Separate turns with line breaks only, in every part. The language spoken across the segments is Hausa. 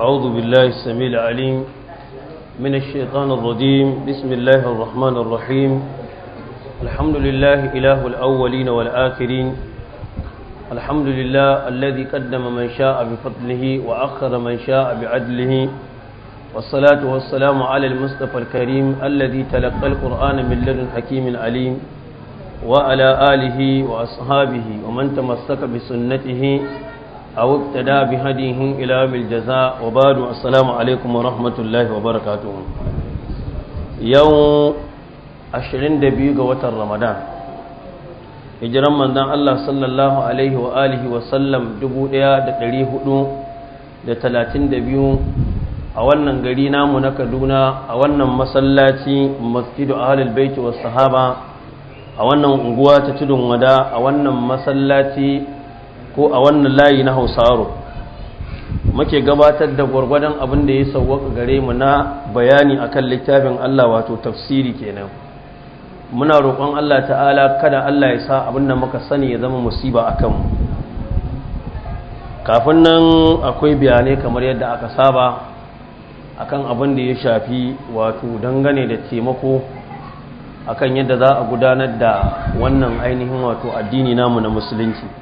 أعوذ بالله السميع العليم من الشيطان الرجيم بسم الله الرحمن الرحيم الحمد لله إله الأولين والآخرين الحمد لله الذي قدم من شاء بفضله وأخر من شاء بعدله والصلاة والسلام على المصطفى الكريم الذي تلقى القرآن من لدن حكيم عليم وعلى آله وأصحابه ومن تمسك بسنته أو اقتدى بهديهم إلى الجزاء وبعد السلام عليكم ورحمة الله وبركاته يوم عشرين دبيق وتر رمضان hijiran manzon Allah sallallahu alaihi wa alihi wa sallam 1432 a wannan gari namu na Kaduna a wannan masallaci Masjidu Ahlul Bait was Sahaba a wannan unguwa ta Tudun Wada a wannan masallaci ko a wannan layi na hausaro muke gabatar da gwargwadon abin da ya sauwaka gare mu na bayani akan littafin Allah wato tafsiri kenan muna roƙon Allah ta'ala kada Allah ya sa abin da muka sani ya zama musiba a kanmu kafin nan akwai bayanai kamar yadda aka saba akan abin da ya shafi wato dangane da taimako akan yadda za a gudanar da wannan ainihin wato addini namu na musulunci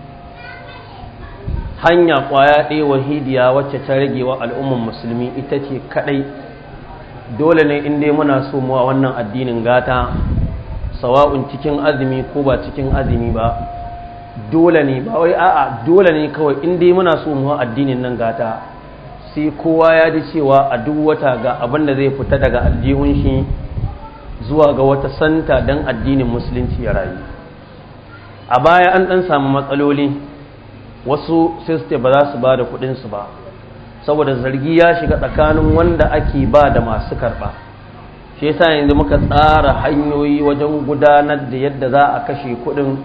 hanya kwaya ɗaya wahidiya wacce ta rage wa al'umman musulmi ita ce kaɗai dole ne in dai muna so muwa wannan addinin gata sawa'un cikin azumi ko ba cikin azumi ba dole ne ba wai a'a dole ne kawai in dai muna so mu addinin nan gata sai kowa ya ji cewa a duk wata ga abin da zai fita daga aljihun shi zuwa ga wata santa don addinin musulunci ya rayu a baya an ɗan samu matsaloli wasu sai su ba za su ba da kuɗinsu ba saboda zargi ya shiga tsakanin wanda ake ba da masu karɓa shi yasa yanzu muka tsara hanyoyi wajen gudanar da yadda za a kashe kuɗin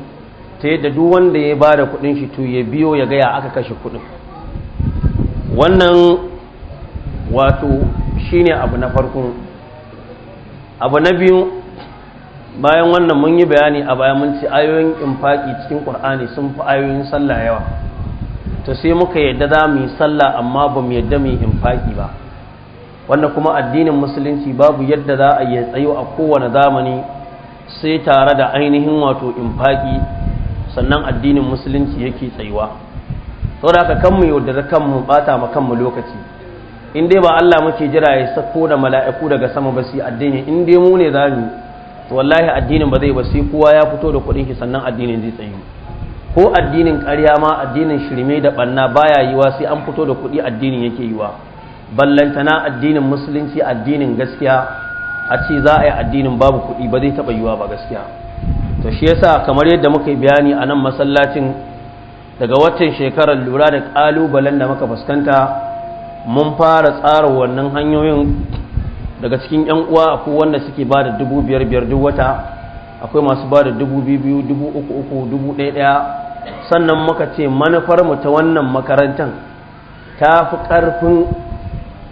ta yadda duk wanda ya ba da kuɗin shi to ya biyo ya gaya aka kashe kuɗin wannan wato shine abu na farko abu na biyu bayan wannan mun yi bayani a bayan mun ci ayoyin infaki cikin qur'ani sun fi ayoyin sallah yawa to sai muka yadda za mu yi sallah amma ba mu yadda mu yi infaki ba wanda kuma addinin musulunci babu yadda za a yi tsayo a kowane zamani sai tare da ainihin wato infaki sannan addinin musulunci yake tsayuwa da haka kan mu da kan mu bata ma kan lokaci in dai ba Allah muke jira ya sako da mala'iku daga sama ba su addini in dai mu ne za yi. wallahi addinin ba zai ba sai kowa ya fito da kuɗin shi sannan addinin zai tsayu ko addinin ƙarya ma addinin shirme da banna baya yiwa sai an fito da kuɗi addinin yake yiwa ballantana addinin musulunci addinin gaskiya a ce za a yi addinin babu kuɗi ba zai taɓa yiwa ba gaskiya to shi yasa kamar yadda muka yi bayani a nan masallacin daga wacce shekarar lura da ƙalubalen da muka fuskanta mun fara tsara wannan hanyoyin daga cikin yan uwa akwai wanda suke ba da dubu biyar biyar duk wata akwai masu ba da dubu biyu biyu dubu uku uku dubu ɗaya ɗaya sannan muka ce manufar mu ta wannan makarantar ta fi ƙarfin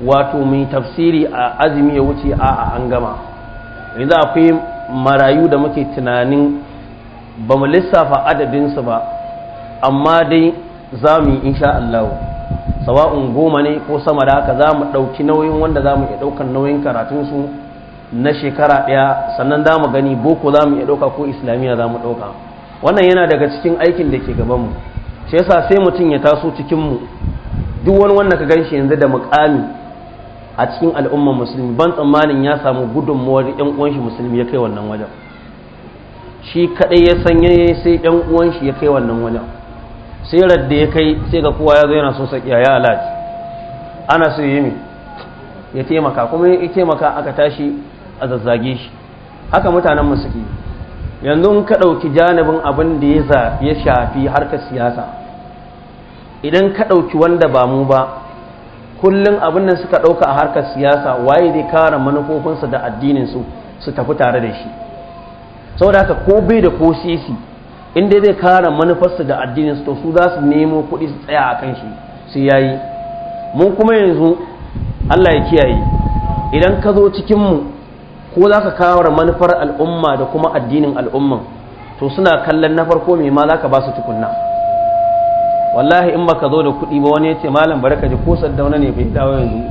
wato mai tafsiri a azumi ya wuce a an gama yanzu akwai marayu da muke tunanin ba mu lissafa adadinsu ba amma dai za mu yi insha Allah sawa'un goma ne ko sama da haka za mu ɗauki nauyin wanda za mu iya ɗaukar nauyin karatunsu na shekara ɗaya sannan za mu gani boko za mu iya ɗauka ko islamiyya za mu ɗauka wannan yana daga cikin aikin da ke gabanmu shi yasa sai mutum ya taso cikinmu duk wani wanda ka ganshi yanzu da mukami a cikin al'ummar musulmi ban tsammanin ya samu gudunmuwar yan uwan shi musulmi ya kai wannan wajen shi kaɗai ya sanya sai yan uwan shi ya kai wannan wajen sirar da ya kai sai ga kowa ya zo yana so sakiya ya alaji ana so yi ya taimaka kuma ya taimaka aka tashi a zazzage shi haka mutanen mu suke yanzu in ka ɗauki janibin abin da ya shafi harkar siyasa idan ka ɗauki wanda ba mu ba kullum abin da suka ɗauka a harkar siyasa waye zai kara manufofinsa da addininsu su tafi tare da shi saboda haka ko bai da ko sisi in dai zai kara manufarsu da addinin su to su za su nemo kuɗi su tsaya a kan shi su yayi mun kuma yanzu Allah ya kiyaye idan ka zo cikin mu ko za ka kawar manufar al'umma da kuma addinin al'umman to suna kallon na farko mai ma za ka ba su tukunna wallahi in ba ka zo da kuɗi ba wani ya ce malam bari ka ji ko saddauna ne bai dawo yanzu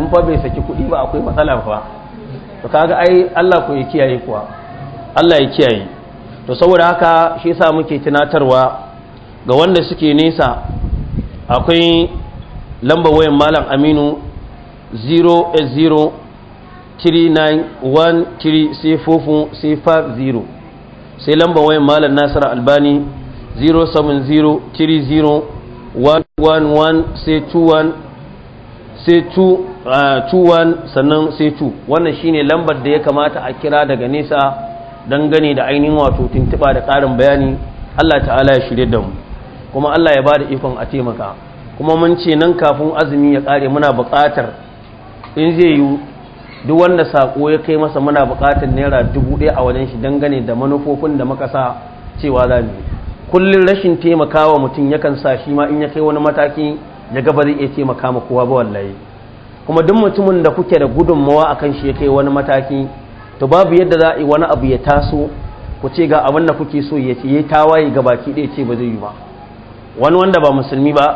in fa bai saki kuɗi ba akwai matsala fa to kaga ai Allah ko ya kiyaye kuwa Allah ya kiyaye to saboda haka shi sa muke tunatarwa ga wanda suke nesa akwai lambar wayan malam aminu 0x0 08039134450 sai lamba wayan malam nasara albani 0 0 1 21 sai 2 sannan sai 2 wannan shine lambar da ya kamata a kira daga nesa dangane da ainihin wato tuntuɓa da ƙarin bayani Allah ta'ala ya shirye da mu kuma Allah ya ba da ikon a taimaka kuma mun ce nan kafin azumi ya ƙare muna buƙatar in zai yi duk wanda saƙo ya kai masa muna buƙatar naira dubu ɗaya a wajen shi dangane da manufofin da muka sa cewa za mu kullum rashin taimakawa mutum yakan sa shi ma in ya kai wani mataki ya gaba zai iya taimaka ma kowa ba wallahi kuma duk mutumin da kuke da gudunmawa akan shi ya kai wani mataki to babu yadda za a yi wani abu ya taso ku ce ga abin da kuke so ya ce ya tawaye ga baki ɗaya ce ba zai yi ba wani wanda ba musulmi ba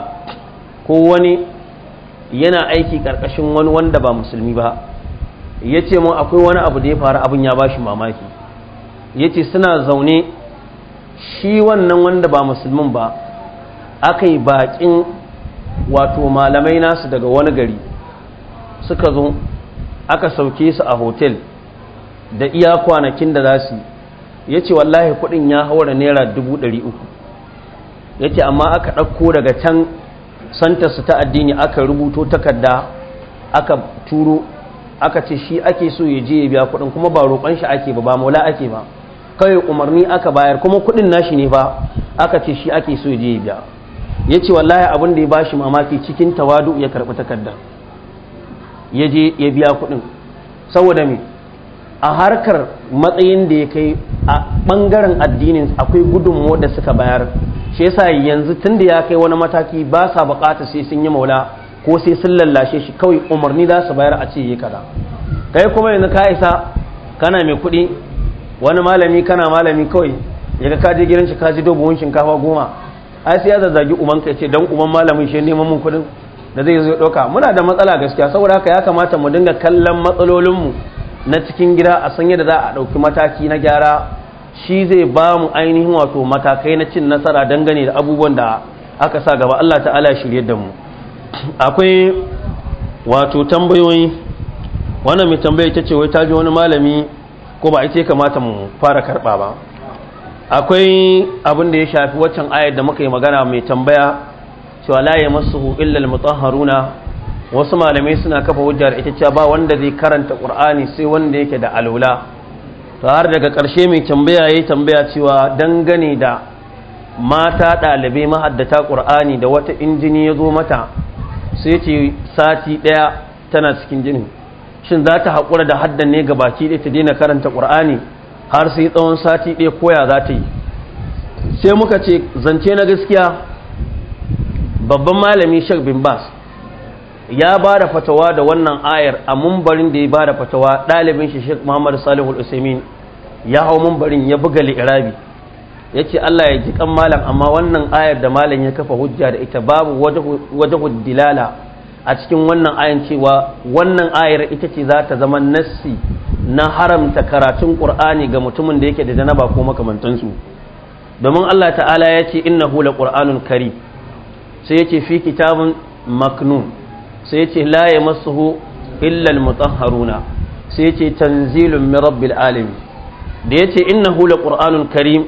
ko wani yana aiki ƙarƙashin wani wanda ba musulmi ba ya ce mun akwai wani abu da ya faru abin ya ba shi mamaki ya ce suna zaune shi wannan wanda ba musulmin ba aka yi baƙin wato malamai nasu daga wani gari suka zo aka sauke su a hotel da iya kwanakin da za su ya ce wallahi kudin ya haura naira dubu ɗari uku ya ce amma aka ɗauko daga can santarsu ta addini aka rubuto takarda aka turo aka ce shi ake so ya je ya biya kudin kuma ba roƙon shi ake ba ba maula ake ba kawai umarni aka bayar kuma kudin nashi ne ba aka ce shi ake so ya je ya biya ya ce wallahi abin da ya ba shi mamaki cikin tawadu ya karɓi takarda ya je ya biya kudin saboda me a harkar matsayin da ya kai a ɓangaren addinin akwai gudunmuwa da suka bayar shi yasa yanzu tun da ya kai wani mataki ba sa bukata sai sun yi maula ko sai sun lallashe shi kawai umarni za su bayar a ce yi kaza kai kuma yanzu ka isa kana mai kuɗi wani malami kana malami kawai yaga ka je gidan shi ka ji dobuwan shinkafa goma ai sai ya zazzagi uban ka ce dan uban malamin shi neman mun kuɗin da zai zo ɗauka muna da matsala gaskiya saboda haka ya kamata mu dinga kallon matsalolinmu na cikin gida a san yadda za a ɗauki mataki na gyara shi zai ba mu ainihin wato matakai na cin nasara dangane da abubuwan da aka sa gaba Allah ta'ala shirye da mu akwai wato tambayoyi wannan mai tambaya ita ce wai ta ji wani malami ko ba ita ya kamata mu fara karɓa ba akwai abin da ya shafi waccan ayar da muka yi magana mai tambaya cewa la masu illal mutahharuna wasu malamai suna kafa hujjar ita cewa ba wanda zai karanta qur'ani sai wanda yake da alula to har daga ƙarshe mai tambaya yayi tambaya cewa dangane da mata ɗalibai mahaddata qur'ani da wata injini ya zo mata sai ce sati ɗaya tana cikin jinin shin za ta haƙura da haddan ne ga baki ɗaya ta daina karanta qur'ani har sai tsawon sati ɗaya koya za ta yi sai muka ce zance na gaskiya babban malami shek bin bas ya ba da fatawa da wannan ayar a mumbarin da ya ba da fatawa ɗalibin shi Sheikh Muhammad Salihu al ya hau mumbarin ya buga li'irabi ya ce Allah ya ji kan malam amma wannan ayar da malam ya kafa hujja da ita babu wajen dilala a cikin wannan ayar cewa wannan ayar ita ce za ta zama nassi na haramta karatun Qur'ani ga mutumin da yake da janaba ko makamantansu domin Allah ta'ala ya ce innahu Kur'anun karim sai ya ce fi kitabun maknun sai ce la ya masuhu illal mutahharuna sai ce tanzilun min rabbil alamin da ya ce innahu laqur'anun karim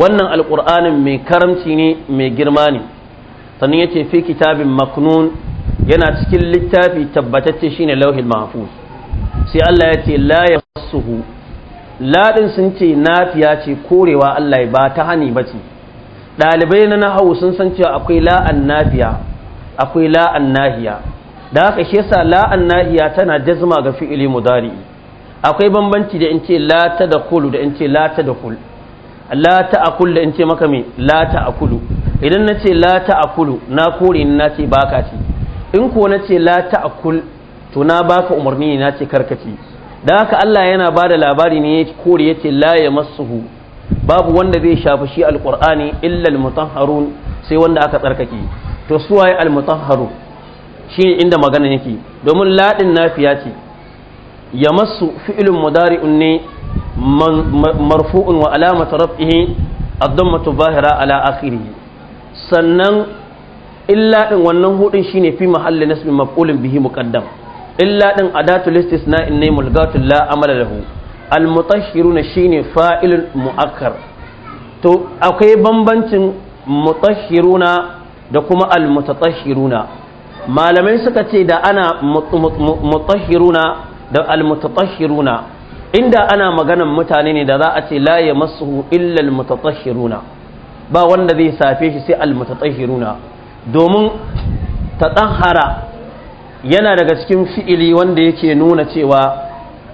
wannan alqur'anin mai karamci ne mai girma ne sannan ya ce fi kitabin maknun yana cikin littafi tabbatacce shine lauhin mahfuz sai Allah ya ce la ya masuhu ladin sun ce nafiya ce korewa Allah ba ta hani ba ce ɗalibai na nahawu sun san cewa akwai la'an nafiya akwai la'an nahiya da haka shi yasa la annahiya tana jazma ga fi'ili mudari akwai bambanci da in ce la ta da in ce la ta da kul la ta akulu da in ce maka me la ta akulu idan na ce la ta akulu na kore ni na ce baka ci in ko na ce la ta akul to na baka umarni na ce ci da haka Allah yana ba da labari ne kore ya ce la masuhu babu wanda zai shafi shi alqur'ani illa almutahharun sai wanda aka tsarkake to suwaye almutahharun shi inda magana yake domin laɗin nafiya ce ya masu fi'ilin mudari'un ne marfu'un wa alamata raf'ihi addammatu bahira ala sannan in laɗin wannan shi ne fi mahalli su maf'ulin bihi muqaddam illa din listis na in ne la’amala la amala almutashiru na shi ne fa'ilun mu'akar to akwai bambancin na da kuma almutatashiru na malamai suka ce da ana mutahhiruna da almutatahhiruna inda ana maganan mutane ne da za a ce la masu illa almutatahhiruna ba wanda zai safe shi sai almutatahhiruna domin tsahara yana daga cikin fi'ili wanda yake nuna cewa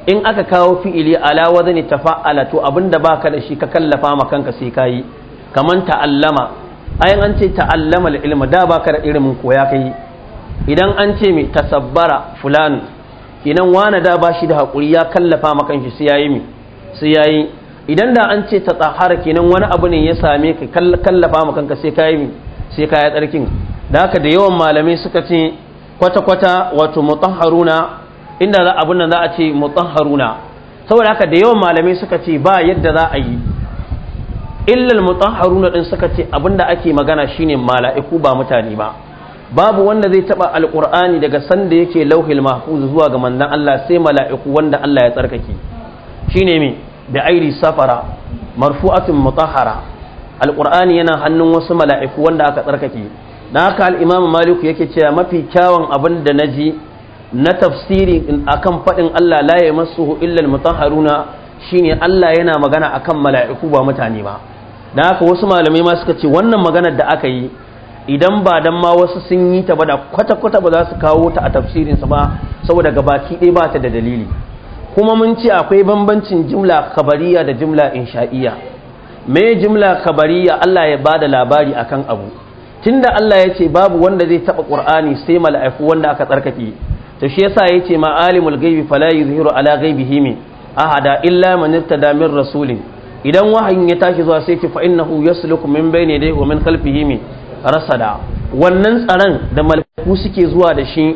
in aka kawo fi'ili ala ta tafa'ala to abinda baka da shi ka kallafa ma kanka sai kayi kamar ta'allama ayan an ce ta'allama da ilma da baka da ilimin koya kai idan an ce mai tasabbara fulani idan wane da ba shi da haƙuri ya kallafa makan shi su yayi mi su yayi idan da an ce ta tsahara kenan wani abu ne ya same ka kallafa makanka sai ka yi sai ka yi tsarkin da haka da yawan malamai suka ce kwata-kwata wato mutahharuna inda za abin nan za a ce mutahharuna saboda haka da yawan malamai suka ce ba yadda za a yi illal mutahharuna din suka ce abinda da ake magana shine mala'iku ba mutane ba babu wanda zai taba alqur'ani daga sanda yake lauhil mahfuz zuwa ga manzon Allah sai mala'iku wanda Allah ya tsarkake shine me da airi safara marfu'atun mutahhara alqur'ani yana hannun wasu mala'iku wanda aka tsarkake dan haka al imamu malik yake cewa mafi kyawun abin da naji na tafsiri akan fadin Allah la yamassuhu illa al-mutahharuna shine Allah yana magana akan mala'iku ba mutane ba dan haka wasu malamai ma suka ce wannan maganar da aka yi idan ba dan ma wasu sun yi ta ba da kwata-kwata ba za su kawo ta a tafsirinsa ba saboda gabaki ɗaya ba ta da dalili kuma mun ce akwai bambancin jimla kabariya da jimla insha'iya me jimla kabariya Allah ya bada labari akan abu tunda Allah ya ce babu wanda zai taɓa Qur'ani sai mala'iku wanda aka tsarkake to shi yasa ya ce ma'alimul ghaibi fala yuzhiru ala ghaibihi min ahada illa man irtada rasulin idan wahayin ya tashi zuwa sai ce fa innahu yasluku min bayni yadayhi wa min khalfihi min rasada wannan tsaron da malaku suke zuwa da shi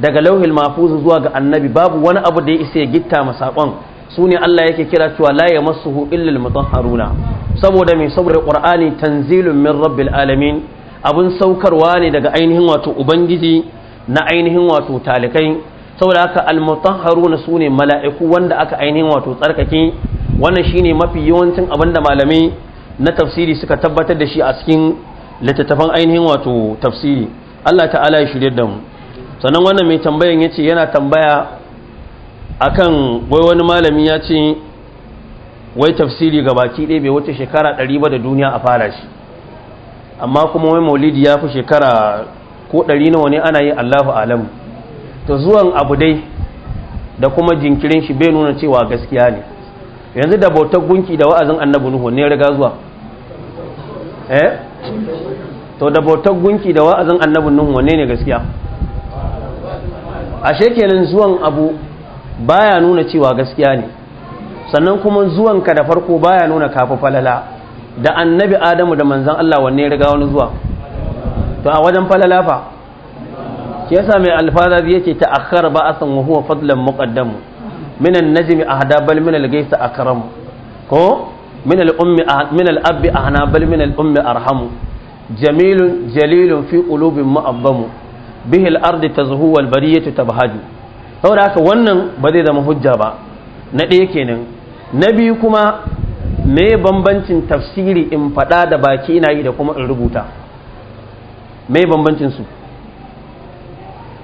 daga lauhil mahfuz zuwa ga annabi babu wani abu da ya isa ya gitta ma sakon su ne Allah yake kira cewa la yamassuhu illal mutahharuna saboda mai saboda qur'ani tanzilun min rabbil alamin abun saukarwa ne daga ainihin wato ubangiji na ainihin wato talikai saboda haka almutahharuna su ne mala'iku wanda aka ainihin wato tsarkake wannan shine mafi yawancin abin da malamai na tafsiri suka tabbatar da shi a cikin littattafan ainihin wato tafsiri Allah ta'ala ya shirya da mu sannan wannan mai tambayan ya ce yana tambaya akan wai wani malami ya ce wai tafsiri ga baki ɗaya bai wuce shekara ɗari ba da duniya a fara shi amma kuma wai maulidi ya fi shekara ko ɗari nawa ne ana yi allahu alamu to zuwan abu dai da kuma jinkirin shi bai nuna cewa gaskiya ne yanzu da bautar gunki da wa'azin annabi nuhu ne riga zuwa Eh? to da bautar gunki da wa'azin annabin nuhu wanne ne gaskiya ashe kenan zuwan abu baya nuna cewa gaskiya ne sannan kuma zuwan ka da farko baya nuna kafa falala da annabi adamu da manzan Allah wanne riga wani zuwa to a wajen falala fa yasa mai alfaza yake ta akara ba asan wa huwa fadlan muqaddam minan an-najmi ahda bal min al-ghayth akram ko Minal al-ummi min abbi ahna bal min ummi arhamu jamilu jalilun fi qulubin mu'abbamu bihi al-ardi tazhu wal bariyatu tabhaju saboda haka wannan ba zai zama hujja ba na ɗaya kenan na biyu kuma me bambancin tafsiri in faɗa da baki ina yi da kuma in rubuta me bambancin su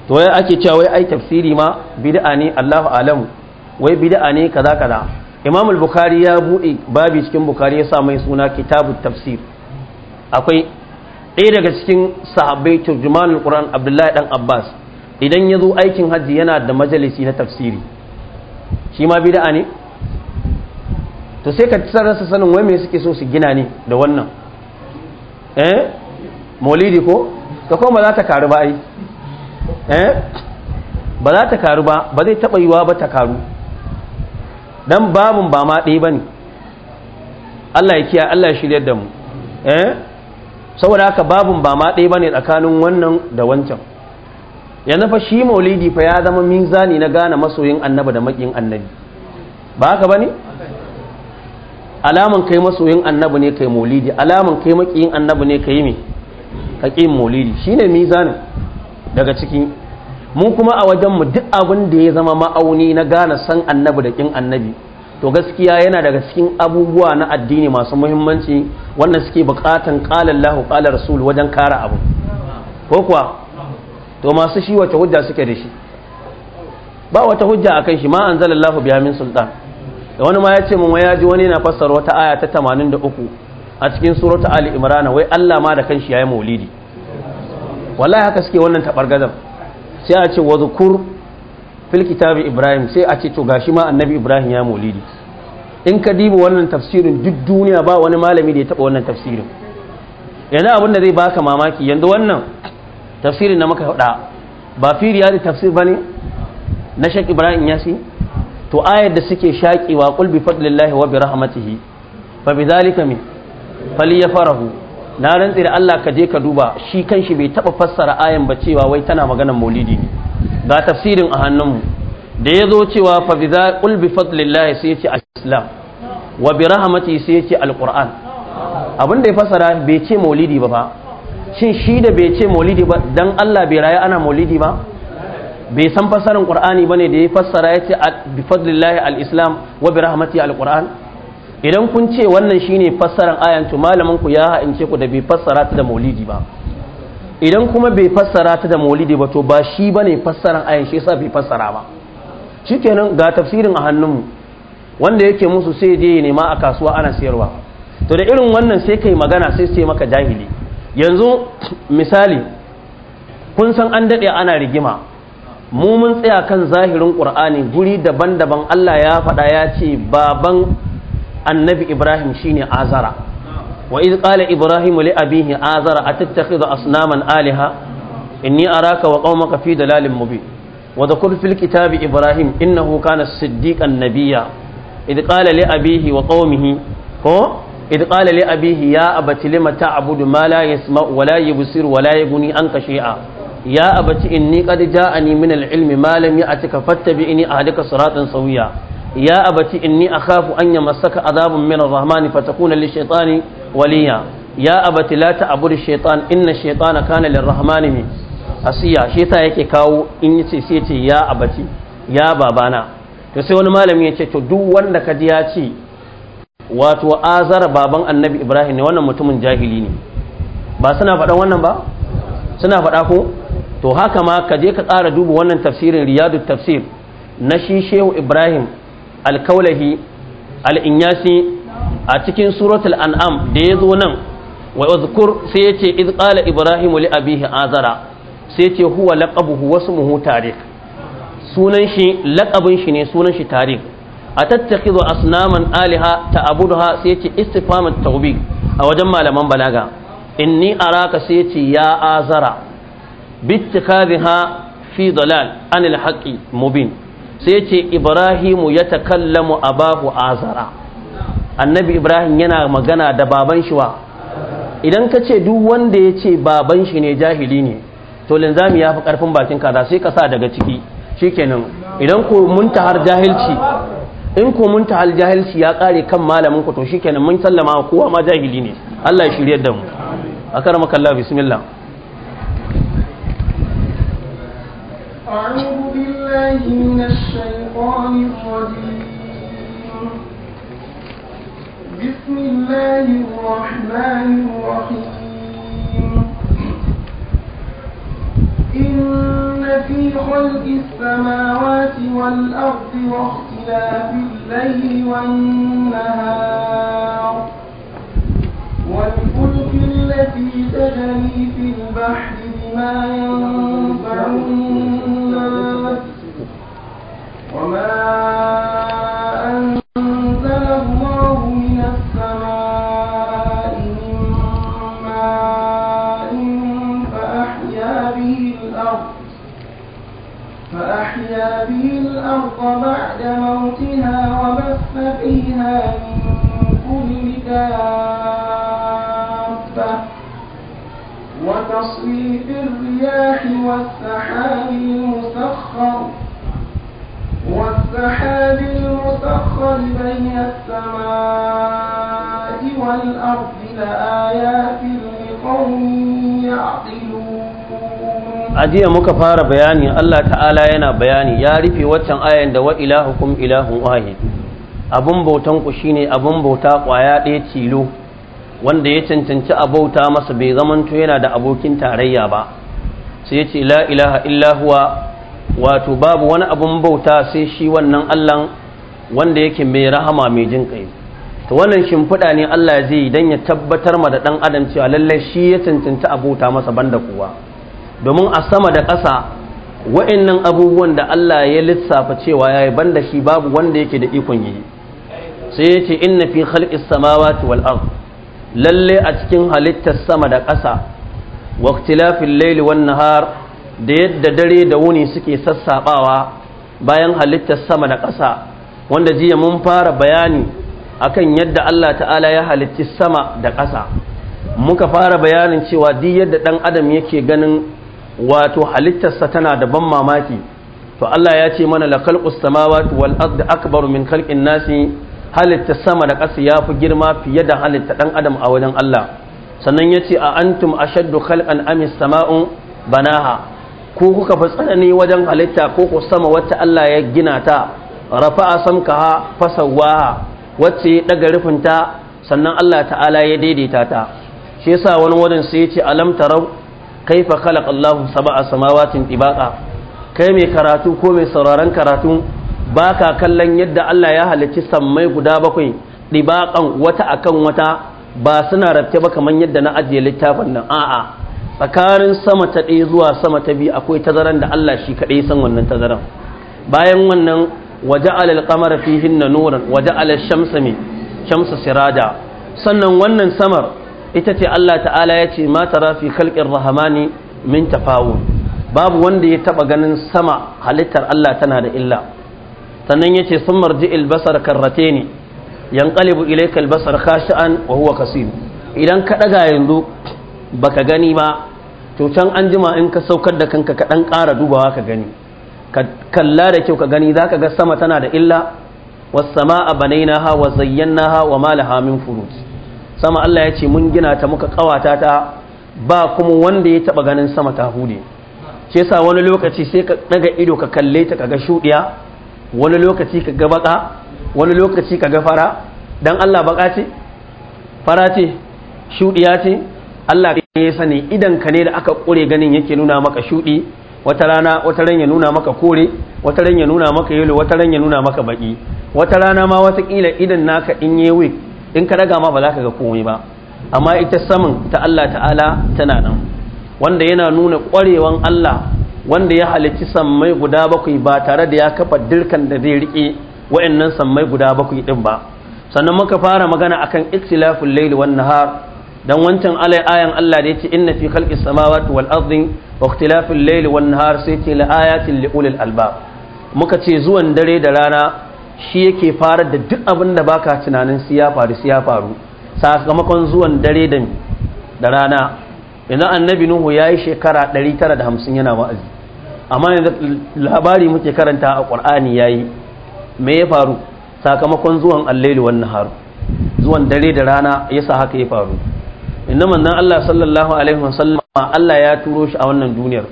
to wai ake cewa wai ai tafsiri ma bid'a ne Allahu alamu wai bid'a ne kaza kaza imam al-bukhari ya buɗe babi cikin bukhari ya sa mai suna kitabu tafsir akwai ɗaya daga cikin sahabbai turjuman al-quran abdullahi dan abbas idan ya zo aikin hajji yana da majalisi na tafsiri shi ma bid'a ne to sai ka rasa sanin wai me suke so su gina ne da wannan eh maulidi ko ka za ta karu ba ai eh ba za ta karu ba ba zai taba yiwa ba ta karu dan babun ba ma ɗaya bane Allah ya kiya Allah ya shiryar da mu eh saboda haka babun ba ma ɗaya bane tsakanin wannan da wancan yanzu fa shi maulidi fa ya zama mizani na gane masoyin annabi da makin annabi ba haka bane alaman kai masoyin annabi ne kai maulidi alaman kai makin annabi ne kai me ka maulidi shine mizanin daga cikin mu kuma a wajenmu duk abin da ya zama ma'auni na gane san annabi da kin annabi to gaskiya yana daga cikin abubuwa na addini masu muhimmanci wannan suke bukatan qalallahu qala rasul wajen kara abu ko kuwa to masu shi wata hujja suke da shi ba wata hujja akan shi ma anzalallahu biha min sultan da wani ma ya ce mun ya ji wani na fassara wata aya ta 83 a cikin surata ali imrana wai Allah ma da kanshi yayi maulidi wallahi haka suke wannan tabargazan sai a ce wazukur fil kitabi ibrahim sai a ce to gashi ma annabi ibrahim ya maulidi in ka diba wannan tafsirin duk duniya ba wani malami da ya taba wannan tafsirin yanzu abin da zai baka mamaki yanzu wannan tafsirin na muka hada ba fi riyadi tafsir bane na shek ibrahim yasi to ayar da suke shaƙewa qul bi fadlillahi wa bi rahmatihi fa bi zalika min faliyafarahu na rantsi da Allah ka je ka duba shi kan shi bai taba fassara ayan ba cewa wai tana maganar maulidi ne ga tafsirin a hannunmu da ya zo cewa fa bi za qul bi fadlillah sai yace al-islam wa bi rahmati sai yace al-qur'an abin da ya fassara bai ce maulidi ba ba shin shi da bai ce maulidi ba dan Allah bai raya ana maulidi ba bai san fassarar qur'ani bane da ya fassara yace bi fadlillah al-islam wa bi rahmati al-qur'an idan kun ce wannan shine fassarar ayan to malamin ku ya ha'ince ku da bai fassara ta da maulidi ba idan kuma bai fassara ta da maulidi ba to ba shi bane fassarar ayan shi yasa bai fassara ba shikenan ga tafsirin a hannunmu wanda yake musu sai je nema a kasuwa ana sayarwa to da irin wannan sai kai magana sai sai maka jahili yanzu misali kun san an dade ana rigima mu mun tsaya kan zahirin qur'ani guri daban-daban Allah ya faɗa ya ce baban annabi ibrahim shine azara wa iz qala ibrahim li abihi azara atattakhidhu asnaman alaha inni araka wa qaumaka fi dalalin mubin wa dhakur fil kitabi ibrahim innahu kana siddiqan nabiyya iz qala li abihi wa qaumihi ko iz qala li abihi ya abati lima ta'budu ma la yasma'u wa la yubsiru wa la yughni anka shay'a ya abati inni qad ja'ani min al-ilmi ma lam ya'tika fattabi'ni ahdika siratan sawiya ya abati inni akhafu an yamassaka azabun min ar-rahman fatakuna lish-shaytani waliya ya abati la buri ash-shaytan inna ash-shaytana kana lir-rahman asiya shi yake kawo in yace sai ce ya abati ya babana to sai wani malami ya ce to duk wanda kaji ya ce wato azar baban annabi ibrahim ne wannan mutumin jahili ne ba suna faɗan wannan ba suna faɗa ko to haka ma ka je ka ƙara duba wannan tafsirin riyadu tafsir na shi shehu ibrahim alkaulahi al'inyasi a cikin suratul an'am da ya zo nan wa uzkur sai ya ce iz ibrahim li abihi azara sai ya ce huwa laqabuhu muhu tariq sunan shi laqabin shi ne sunan shi tariq atattakhidhu asnaman ta Abuduha sai ya ce istifhamat ta'ubi a wajen malaman balaga inni araka sai ya ce ya azara bittikadha fi dalal anil haqqi mubin sai ce ibrahimu ya mu takallamu abahu azara annabi ibrahim yana magana da baban shi wa idan ka ce duk wanda ya ce baban shi ne jahili ne to linzami ya fi karfin bakin kaza sai ka sa daga ciki shikenan idan ko mun har jahilci in ku mun har jahilci ya kare kan malamin ku to shikenan mun sallama kowa ma jahili ne Allah ya shiryar da mu akarmaka Allah bismillah
أعوذ بالله من الشيطان الرجيم بسم الله الرحمن الرحيم إن في خلق السماوات والأرض واختلاف الليل والنهار والفلك التي تجري في البحر بما ينفع الناس وما أنزل الله من السماء من ماء فأحيا به الأرض بعد موتها وبث فيها من كل دابة وتصريف الرياح والسحاب المسخر السحاب المسخر بين السماء والأرض لآيات لقوم يعقلون ajiya muka fara bayani
Allah ta'ala yana bayani ya rufe waccan ayan da wa ilahukum ilahun wahi abun bautan ku shine abun bauta kwaya ɗaya cilo wanda ya cancanci abauta masa bai zamanto yana da abokin tarayya ba sai ya ce la ilaha illa wato babu wani abun bauta sai shi wannan Allah wanda yake mai rahama mai jin kai to wannan shimfiɗa ne Allah zai yi don ya tabbatar ma da ɗan adam cewa lallai shi ya cancanta abota masa banda kowa domin a sama da ƙasa wa'annan abubuwan da Allah ya lissafa cewa ya yi banda shi babu wanda yake da ikon yi sai ya ce inna fi khalqis samawati wal ard lalle a cikin halittar sama da ƙasa waqtilafil layli wan nahar da yadda dare da wuni suke sassabawa bayan halittar sama da ƙasa wanda jiya mun fara bayani akan yadda Allah ta'ala ya halitti sama da ƙasa muka fara bayanin cewa duk yadda ɗan adam yake ganin wato halittarsa tana da ban mamaki to Allah ya ce mana la khalqus samawati wal ardi akbaru min khalqin nasi halitta sama da ƙasa ya fi girma fiye da halitta ɗan adam a wajen Allah sannan ya ce a antum ashaddu khalqan amis sama'un banaha ko kuka fi tsanani wajen halitta ko ku sama wata Allah ya gina ta rafa rafa'a samkaha waha. wacce ya daga rufinta sannan Allah ta'ala ya daidaita ta shi yasa wani wurin sai ce alam tarau fa kalak Allahu sab'a samawatin ɗibaƙa. kai mai karatu ko mai sauraron karatu Ba ka kallon yadda Allah ya halicci sammai guda bakwai Ɗibaƙan wata akan wata ba suna rafke ba kamar yadda na ajiye littafin nan a'a tsakanin sama ta ɗaya zuwa sama ta biyu akwai tazaran da Allah shi kaɗai san wannan tazaran bayan wannan waje alal kamar fihin na nuran waje alal shamsa mai shamsa sirada sannan wannan samar ita ce Allah ta'ala ya ce mata rafi kalkin kalƙin rahamani min tafawo babu wanda ya taɓa ganin sama halittar Allah tana da illa sannan ya ce sun marji albasar karrate ne kalibu ilai kalbasar khashi'an wa huwa kasim idan ka ɗaga yanzu baka gani ba to can an jima in ka saukar da kanka ka dan ƙara dubawa ka gani ka kalla da kyau ka gani za ka ga sama tana da illa wasama a banaina ha wa zayyana ha wa malaha min furut sama Allah ya ce mun gina ta muka kawata ta ba kuma wanda ya taɓa ganin sama ta hude ce sa wani lokaci sai ka daga ido ka kalle ta ka ga shuɗiya wani lokaci ka ga baka wani lokaci ka ga fara dan Allah baƙa ce fara ce shuɗiya ce Allah ya sani idan ka ne da aka kure ganin yake nuna maka shudi wata rana wata ran ya nuna maka kore wata ran ya nuna maka yelo wata ran ya nuna maka baki wata rana ma wata kila idan naka in yi wik in ka daga ma ba za ka ga komai ba amma ita saman ta Allah ta'ala tana nan wanda yana nuna kwarewan Allah wanda ya halicci sammai guda bakwai ba tare da ya kafa dirkan da zai rike wa'annan sammai guda bakwai din ba sannan muka fara magana akan ikhtilafu layli wan nahar dan wancan alai ayan Allah da yace inna fi khalqi samawati wal ardi wa al layli wan nahar sai ce la ayatin li ulil albab muka ce zuwan dare da rana shi yake fara da duk abin da baka tunanin su ya faru su faru sakamakon zuwan dare da da rana yanzu annabi nuhu yayi shekara 950 yana wa'azi amma yanzu labari muke karanta a qur'ani yayi me ya faru sakamakon zuwan al-layli wan nahar zuwan dare da rana yasa haka ya faru inna manzon Allah sallallahu alaihi wasallam Allah ya turo shi a wannan duniyar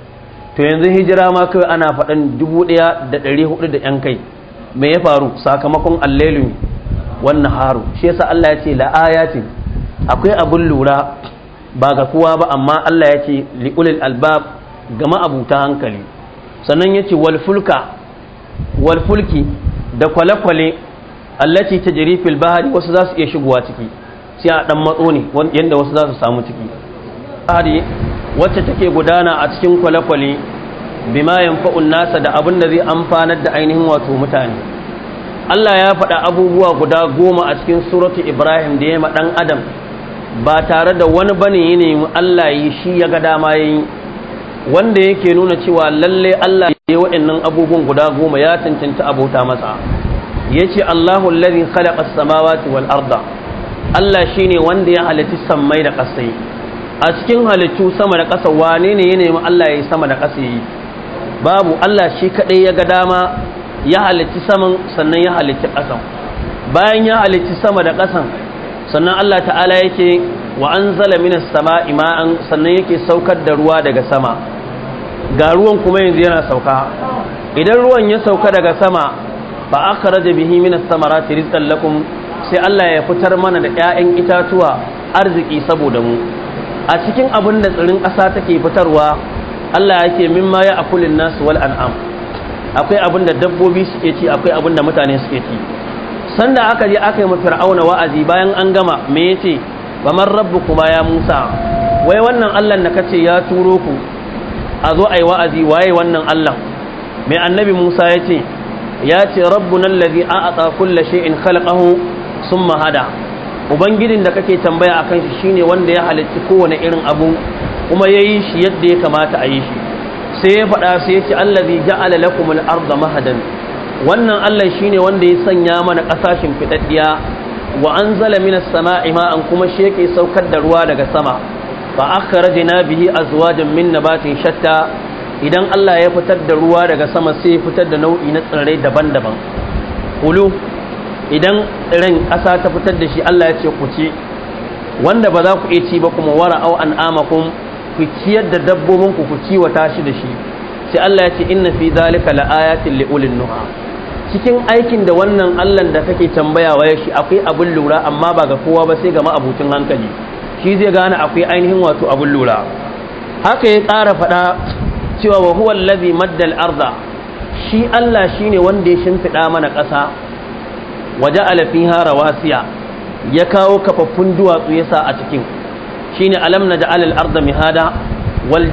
to yanzu hijira ma kai ana faɗan 1400 da hudu da yan kai me ya faru sakamakon allelu wannan haru shi yasa Allah ya ce la ayatin akwai abun lura ba ga kowa ba amma Allah ya ce ulil albab ga ma'abuta hankali sannan ya ce wal fulka wal fulki da kwale-kwale allaci ta jirifil bahari wasu za su iya shigowa ciki sai a dan matso ne yadda wasu za su samu ciki hari wacce take gudana a cikin kwale-kwale bima yanfa'un nasa da abin da zai amfanar da ainihin wato mutane Allah ya faɗa abubuwa guda goma a cikin suratu Ibrahim da ya yi ɗan Adam ba tare da wani bane yi nemi Allah yi shi ya ga dama yi wanda yake nuna cewa lalle Allah ya yi wa'annan abubuwan guda goma ya cancanta abota masa yace Allahu allazi khalaqa as-samawati wal arda Allah shi ne wanda ya halitti samai da ƙasai a cikin halittu sama da ƙasa wane ne ya nemi Allah ya yi sama da ƙasa yi babu Allah shi kaɗai ya ga dama ya halitti saman sannan ya halitti ƙasan bayan ya halitti sama da ƙasan sannan Allah ta'ala yake wa an zala minas sama ima'an sannan yake saukar da ruwa daga sama ga ruwan kuma yanzu yana sauka idan ruwan ya sauka daga sama ba aka bihi minas samarati rizqan lakum sai Allah ya fitar mana da 'ya'yan itatuwa arziki saboda mu a cikin abin da tsirin ƙasa take fitarwa Allah yake mimma ya akulin nasu wal an'am akwai abin da dabbobi suke ci akwai abin da mutane suke ci sanda aka je aka yi fir'auna wa'azi bayan an gama me yace kamar rabbu kuma ya Musa wai wannan Allah da kace ya turo ku a zo ai wa'azi waye wannan Allah mai annabi Musa yace ya ce rabbuna allazi a'ata kulli shay'in khalaqahu sun mahada ubangijin da kake tambaya a kan shi shine wanda ya halitta kowane irin abu kuma ya yi shi yadda ya kamata a yi shi sai ya faɗa sai ya ce allazi ja'ala lakum al-ardha mahadan wannan Allah shine wanda ya sanya mana ƙasashen fitaddiya wa anzala minas sama'i ma'an kuma shi yake saukar da ruwa daga sama ba fa akhrajna bihi azwajan min nabatin shatta idan Allah ya fitar da ruwa daga sama sai ya fitar da nau'i na tsirrai daban-daban kulu idan ran ƙasa ta fitar da shi Allah ya ce ku ci wanda ba za ku iya ci ba kuma wara au an amakum ku ciyar da dabbobin ku ku ci wa tashi da shi sai Allah ya ce inna fi zalika laayatin ulin nuha cikin aikin da wannan Allah da kake tambaya waye shi akwai abin lura amma ba ga kowa ba sai ga ma'abucin hankali shi zai gane akwai ainihin wato abin lura haka ya ƙara faɗa cewa wa huwa allazi maddal arda shi Allah shine wanda ya shimfiɗa mana ƙasa waje alafin hara wasiya ya kawo kafaffun duwatsu ya sa a cikin Shi ne alam na ja'al al-arda mihada wal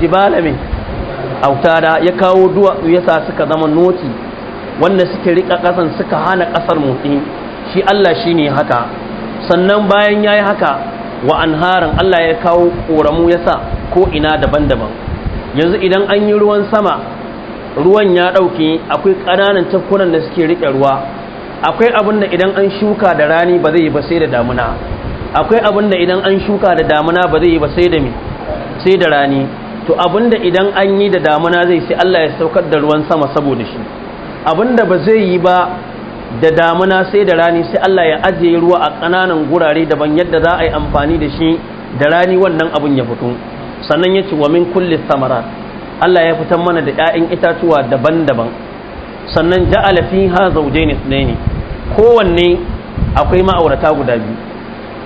autada ya kawo duwatsu ya sa suka zama noti wanda suke rika kasan suka hana kasar motsi shi Allah shi ne haka sannan bayan ya yi haka wa an harin Allah ya kawo ƙoramu ya sa ko ina daban-daban yanzu idan an yi ruwan sama ruwan ya ɗauki, akwai ƙananan tafkunan da suke riƙe ruwa akwai abin da idan an shuka da rani ba zai yi ba sai da damuna akwai abin da idan an shuka da damuna ba zai yi ba sai da sai da rani to abin da idan an yi da damuna zai sai Allah ya saukar da ruwan sama saboda shi abin da ba zai yi ba da damuna sai da rani sai Allah ya ajiye ruwa a ƙananan gurare daban yadda za a yi amfani da shi da rani wannan abin ya fito sannan ya ce wa min kulli samara Allah ya fitar mana da 'ya'yan itatuwa daban-daban sannan ja'ala fiha zawjayn ithnayn kowanne akwai ma'aurata guda biyu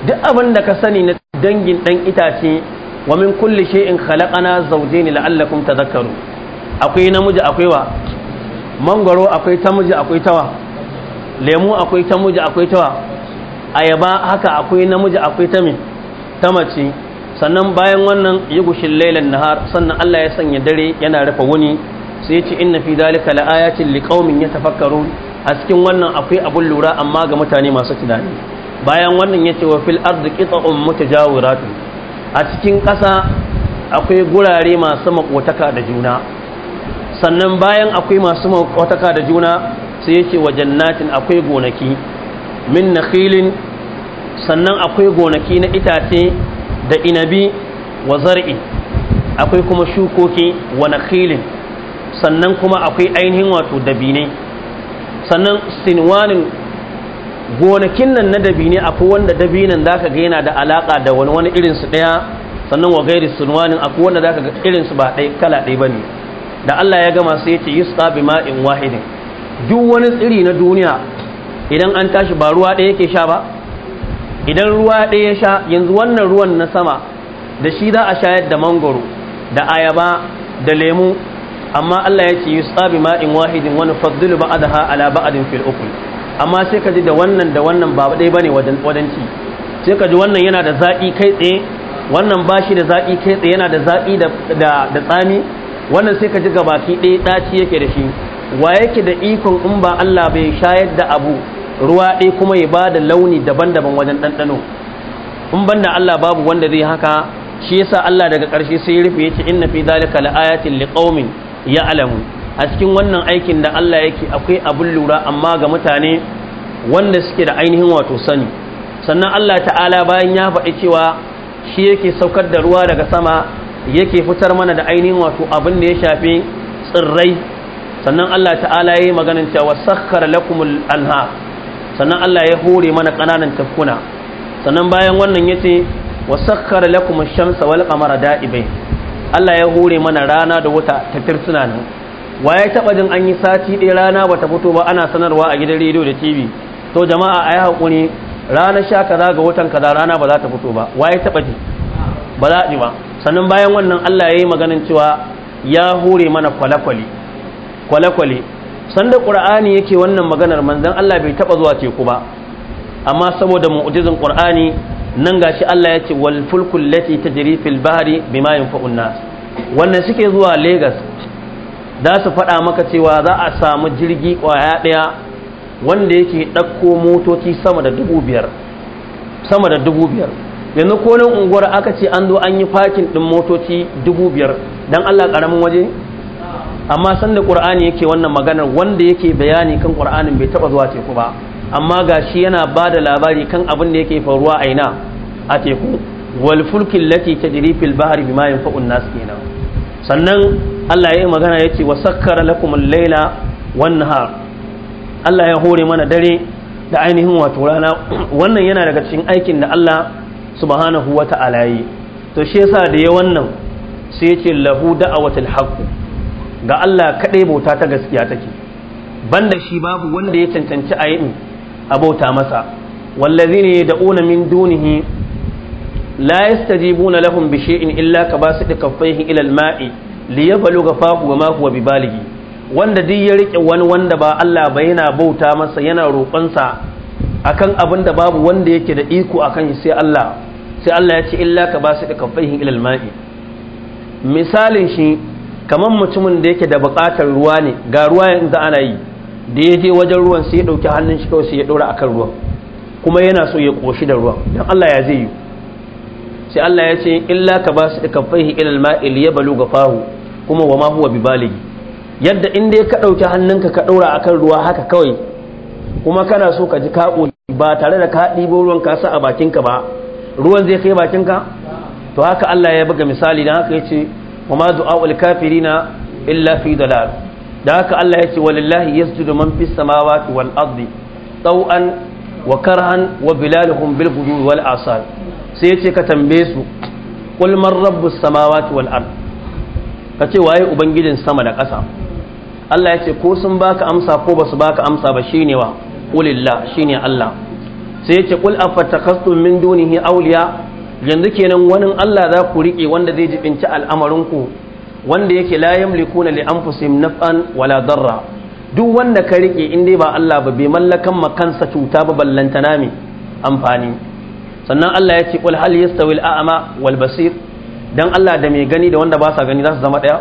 duk abin da ka sani na dangin dan itace wa min kulli shay'in khalaqana zawjayn la'allakum tadhakkaru akwai namiji akwai wa mangoro akwai tamiji akwai tawa lemu akwai tamiji akwai tawa ayaba haka akwai namiji akwai tami tamaci sannan bayan wannan yi gushin lailan nahar sannan Allah ya sanya dare yana rufe wuni sai ya ce inna fi dalika la'ayatin liqaumin yatafakkarun a cikin wannan akwai abun lura amma ga mutane masu tunani bayan wannan yace wa fil ardi qita'un mutajawiratun a cikin ƙasa akwai gurare masu makotaka da juna sannan bayan akwai masu makotaka da juna sai yace wa jannatin akwai gonaki min nakhilin sannan akwai gonaki na itace da inabi wa zar'i akwai kuma shukoki wa nakhilin sannan kuma akwai ainihin wato dabinai sannan sinwanin gonakin nan na dabinai akwai wanda dabinan za ka ga yana da alaƙa da wani wani irinsu ɗaya sannan wa gairi sinwanin akwai wanda za ka ga irinsu ba ɗaya kala ɗaya ba ne da Allah ya gama sai ya ce yusqa bi ma'in wahidin duk wani tsiri na duniya idan an tashi ba ruwa ɗaya yake sha ba idan ruwa ɗaya ya sha yanzu wannan ruwan na sama da shi za a shayar da mangoro da ayaba da lemu amma Allah ya ce yusqa bi ma'in wahidin wani nufaddilu ba'daha ala ba'din fil ukul amma sai ka ji da wannan da wannan ba dai bane wajen wadanci sai ka ji wannan yana da zaki kai tsaye wannan bashi da zaki kai tsaye yana da zaki da da tsami wannan sai ka ji gabaki ɗaya ɗaci yake da shi wa yake da ikon in ba Allah bai shayar da abu ruwa ɗaya kuma ya ba da launi daban-daban wajen ɗanɗano in banda Allah babu wanda zai haka shi yasa Allah daga ƙarshe sai ya rufe yace inna fi zalika laayatin liqaumin ya alamu a cikin wannan aikin da Allah yake akwai abin lura amma ga mutane wanda suke da ainihin wato sani sannan Allah ta'ala bayan ya faɗi cewa shi yake saukar da ruwa daga sama yake fitar mana da ainihin wato abin da ya shafi tsirrai sannan Allah ta'ala ya yi maganin cewa sakkar lakumul anha sannan Allah ya hore mana ƙananan tafkuna sannan bayan wannan ya ce wa sakkar lakum shamsa wal qamara da'ibai Allah ya hore mana rana da wata ta tirsuna nan wa ya taba jin an yi sati ɗaya rana bata fito ba ana sanarwa a gidan rediyo da tv to jama'a a yi hakuri ranar sha kaza ga watan kaza rana ba za ta fito ba wa ya taba ji ba za ji ba sannan bayan wannan Allah ya yi maganin cewa ya hore mana kwale-kwale sanda ƙur'ani yake wannan maganar manzon Allah bai taɓa zuwa teku ba amma saboda mu'jizin ƙur'ani nan gashi Allah ya ce wal fulkul lati tajri fil bahri bima yanfa'un nas wannan suke zuwa Lagos za su faɗa maka cewa za a samu jirgi kwaya ɗaya wanda yake ɗauko motoci sama da dubu biyar sama da dubu biyar yanzu ko nan unguwar aka ce an zo an yi fakin ɗin motoci dubu biyar don Allah ƙaramin waje amma sanda ƙur'ani yake wannan maganar wanda yake bayani kan ƙur'anin bai taɓa zuwa teku ba amma ga shi yana ba da labari kan abin da yake faruwa a ina a teku wal fulkin lati tajri fil bahri bima yanfa'u nas kenan sannan Allah ya yi magana yace wa sakkara lakum al-laila wan nahar Allah ya hore mana dare da ainihin wato rana wannan yana daga cikin aikin da Allah subhanahu wa ta'ala yi to shi yasa da ya wannan sai yace lahu da'awatul haqq ga Allah kadai bauta ta gaskiya take banda shi babu wanda ya cancanci ayin abauta masa ne da una min dunihi la yastajibuna lahum bi shay'in illa ka basu kaffaihi ila al-ma'i liyabluga fahu wa ma huwa baligi wanda duk ya rike wani wanda ba Allah ba yana bauta masa yana roƙon sa akan abin da babu wanda yake da iko akan shi sai Allah sai Allah ya ce illa ka basu kaffaihi ila al-ma'i misalin shi kaman mutumin da yake da buƙatar ruwa ne ga ruwa yanzu ana yi da ya je wajen ruwan sai ya ɗauki hannun shi kawai sai ya ɗora a kan ruwan kuma yana so ya ƙoshi da ruwan don Allah ya zai yi sai Allah ya ce illa ka ba su ɗakan fahi ilal ma'il ya balu ga fahu kuma wa ma huwa bi baligi yadda in dai ka ɗauki hannunka ka ɗora akan ruwa haka kawai kuma kana so ka ji ka ba tare da ka ɗibo ruwan ka sa a bakinka ba ruwan zai kai bakinka to haka Allah ya buga misali don haka ya ce wa ma du'a ul kafirina illa fi dalal da haka Allah ya ce walillahi yasjudu man fis samawati wal ardi taw'an wa karhan wa bilalhum bil ghudwi wal asal sai yace ka tambaye su kul man rabbus samawati wal ard ka ce waye ubangijin sama da ƙasa Allah ya ce ko sun baka amsa ko basu baka amsa ba shine wa qulillah shine Allah sai yace kul afatakastum min dunihi awliya yanzu kenan wani Allah za ku rike wanda zai jibinci al'amarin ku. wanda yake la yamlikuna li anfusihim naf'an wala darra duk wanda ka rike in dai ba Allah ba bai mallakan kansa cuta ba ballanta mai amfani sannan Allah ya ce qul hal yastawi al-a'ma wal basir dan Allah da mai gani da wanda ba sa gani za su zama daya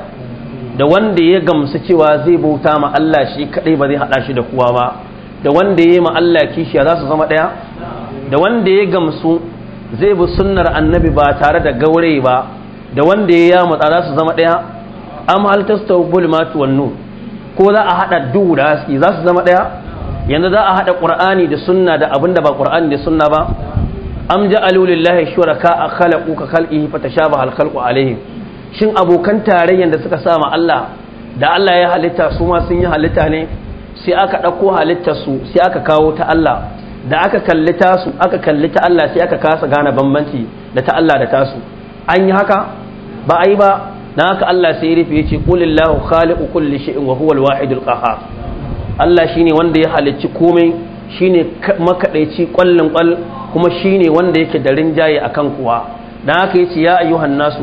da wanda ya gamsu cewa zai bauta ma Allah shi kadai ba zai hada shi da kowa ba da wanda ya yi ma Allah kishiya za su zama daya da wanda ya gamsu zai bi sunnar annabi ba tare da gaurayi ba da wanda ya yi matsa za su zama ɗaya am hal tastawbul matu wannu ko za a haɗa duhu da haske za su zama ɗaya yanzu za a haɗa ƙura'ani da sunna da abin da ba ƙura'ani da sunna ba am lahi lillahi ka a khalaqu ka fata sha ba khalqu alaihim shin abokan tarayyan da suka sama Allah da Allah ya halitta su ma sun yi halitta ne sai aka ɗauko halittar su sai aka kawo ta Allah da aka kalli tasu aka kalli ta Allah sai aka kasa gane bambanci da ta Allah da tasu an yi haka ba a yi ba na haka Allah sai rufe ya ce kulillahu khaliqu kulli shay'in wa huwa al-wahidul qahhar Allah shine wanda ya halicci komai shine makadaici kwallin kwal kuma shine wanda yake da rinjaye akan kuwa dan haka yace ya ayyuhan nasu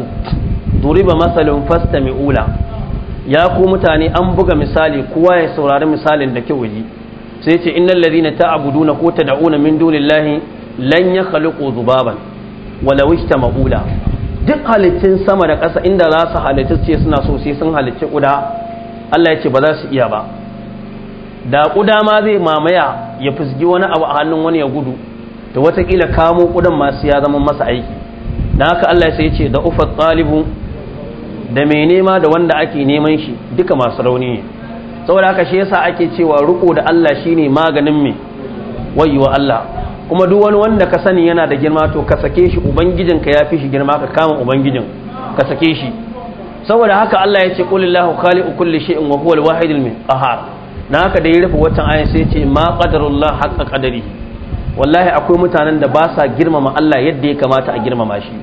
duriba masalun fastami'ula ya ku mutane an buga misali kowa ya saurari misalin da kyau ji sai ce innal ladina ta'buduna ko tad'una min dunillahi lan yakhluqu dhubaban walau ishtama'ula duk halittun sama da ƙasa inda za su halittu ce suna so sai sun halitti ƙuda Allah ya ce ba za su iya ba da ƙuda ma zai mamaya ya fusgi wani abu a hannun wani ya gudu da watakila kamo ƙudan masu ya zama masa aiki Na haka Allah sai ya ce da ufa ɗalibu da mai nema da wanda ake neman shi duka masu rauni ne saboda haka shi yasa ake cewa riko da Allah shine maganin mai wayewa Allah kuma duk wani wanda ka sani yana da girma to ka sake shi ubangijin ka yafi shi girma ka kama ubangijin ka sake shi saboda haka Allah ya ce qulillahu khaliqu kulli shay'in wa al wahidul qahhar na haka da ya rufe watan ayan sai ya ce ma qadarullah haqqa qadari wallahi akwai mutanen da ba sa girmama Allah yadda ya kamata a girmama shi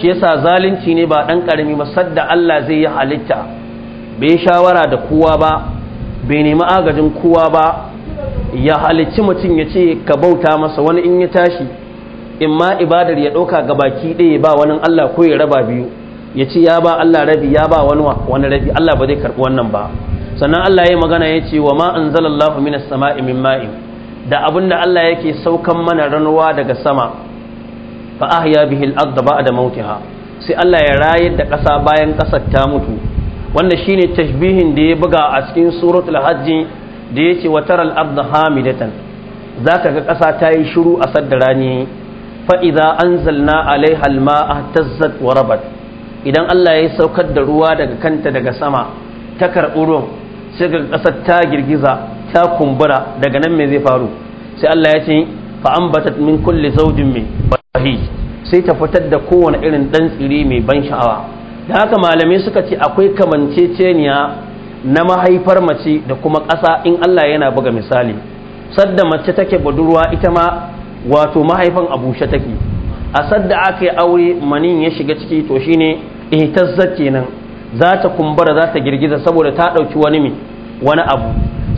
shi yasa zalunci ne ba dan karami ba sadda Allah zai yi halitta bai shawara da kowa ba bai nemi agajin kowa ba ya halicci mutum ya ce ka bauta masa wani in ya tashi in ma ibadar ya ɗauka ga baki ɗaya ba wani Allah ko ya raba biyu ya ce ya ba Allah rabi ya ba wani wani rabi Allah ba zai karɓi wannan ba sannan Allah ya yi magana ya ce wa ma anzalallahu minas sama'i min ma'in da abin da Allah yake saukan mana ranuwa daga sama fa ahya bihi al da mautiha sai Allah ya rayar da ƙasa bayan ƙasar ta mutu wanda shine tashbihin da ya buga a cikin suratul hajji da ya ce watar da hamidatan za ka ga ƙasa ta yi shuru a sadda rani fa'iza an zalna alai halma a tazzat wa rabat idan Allah ya yi saukar da ruwa daga kanta daga sama ta karɓi ruwan sai ga ƙasar ta girgiza ta kumbura daga nan mai zai faru sai Allah ya ce batat min kulle zaujin mai bahi sai ta fitar da kowane irin ɗan tsiri mai ban sha'awa da haka malamai suka ce akwai kamanceceniya na mahaifar mace da kuma ƙasa in Allah yana buga misali sadda mace take budurwa ita ma wato mahaifan abushe take a sadda aka yi aure manin ya shiga ciki to shine ihtazzat kenan za ta kumbura za ta girgiza saboda ta ɗauki wani mi wani abu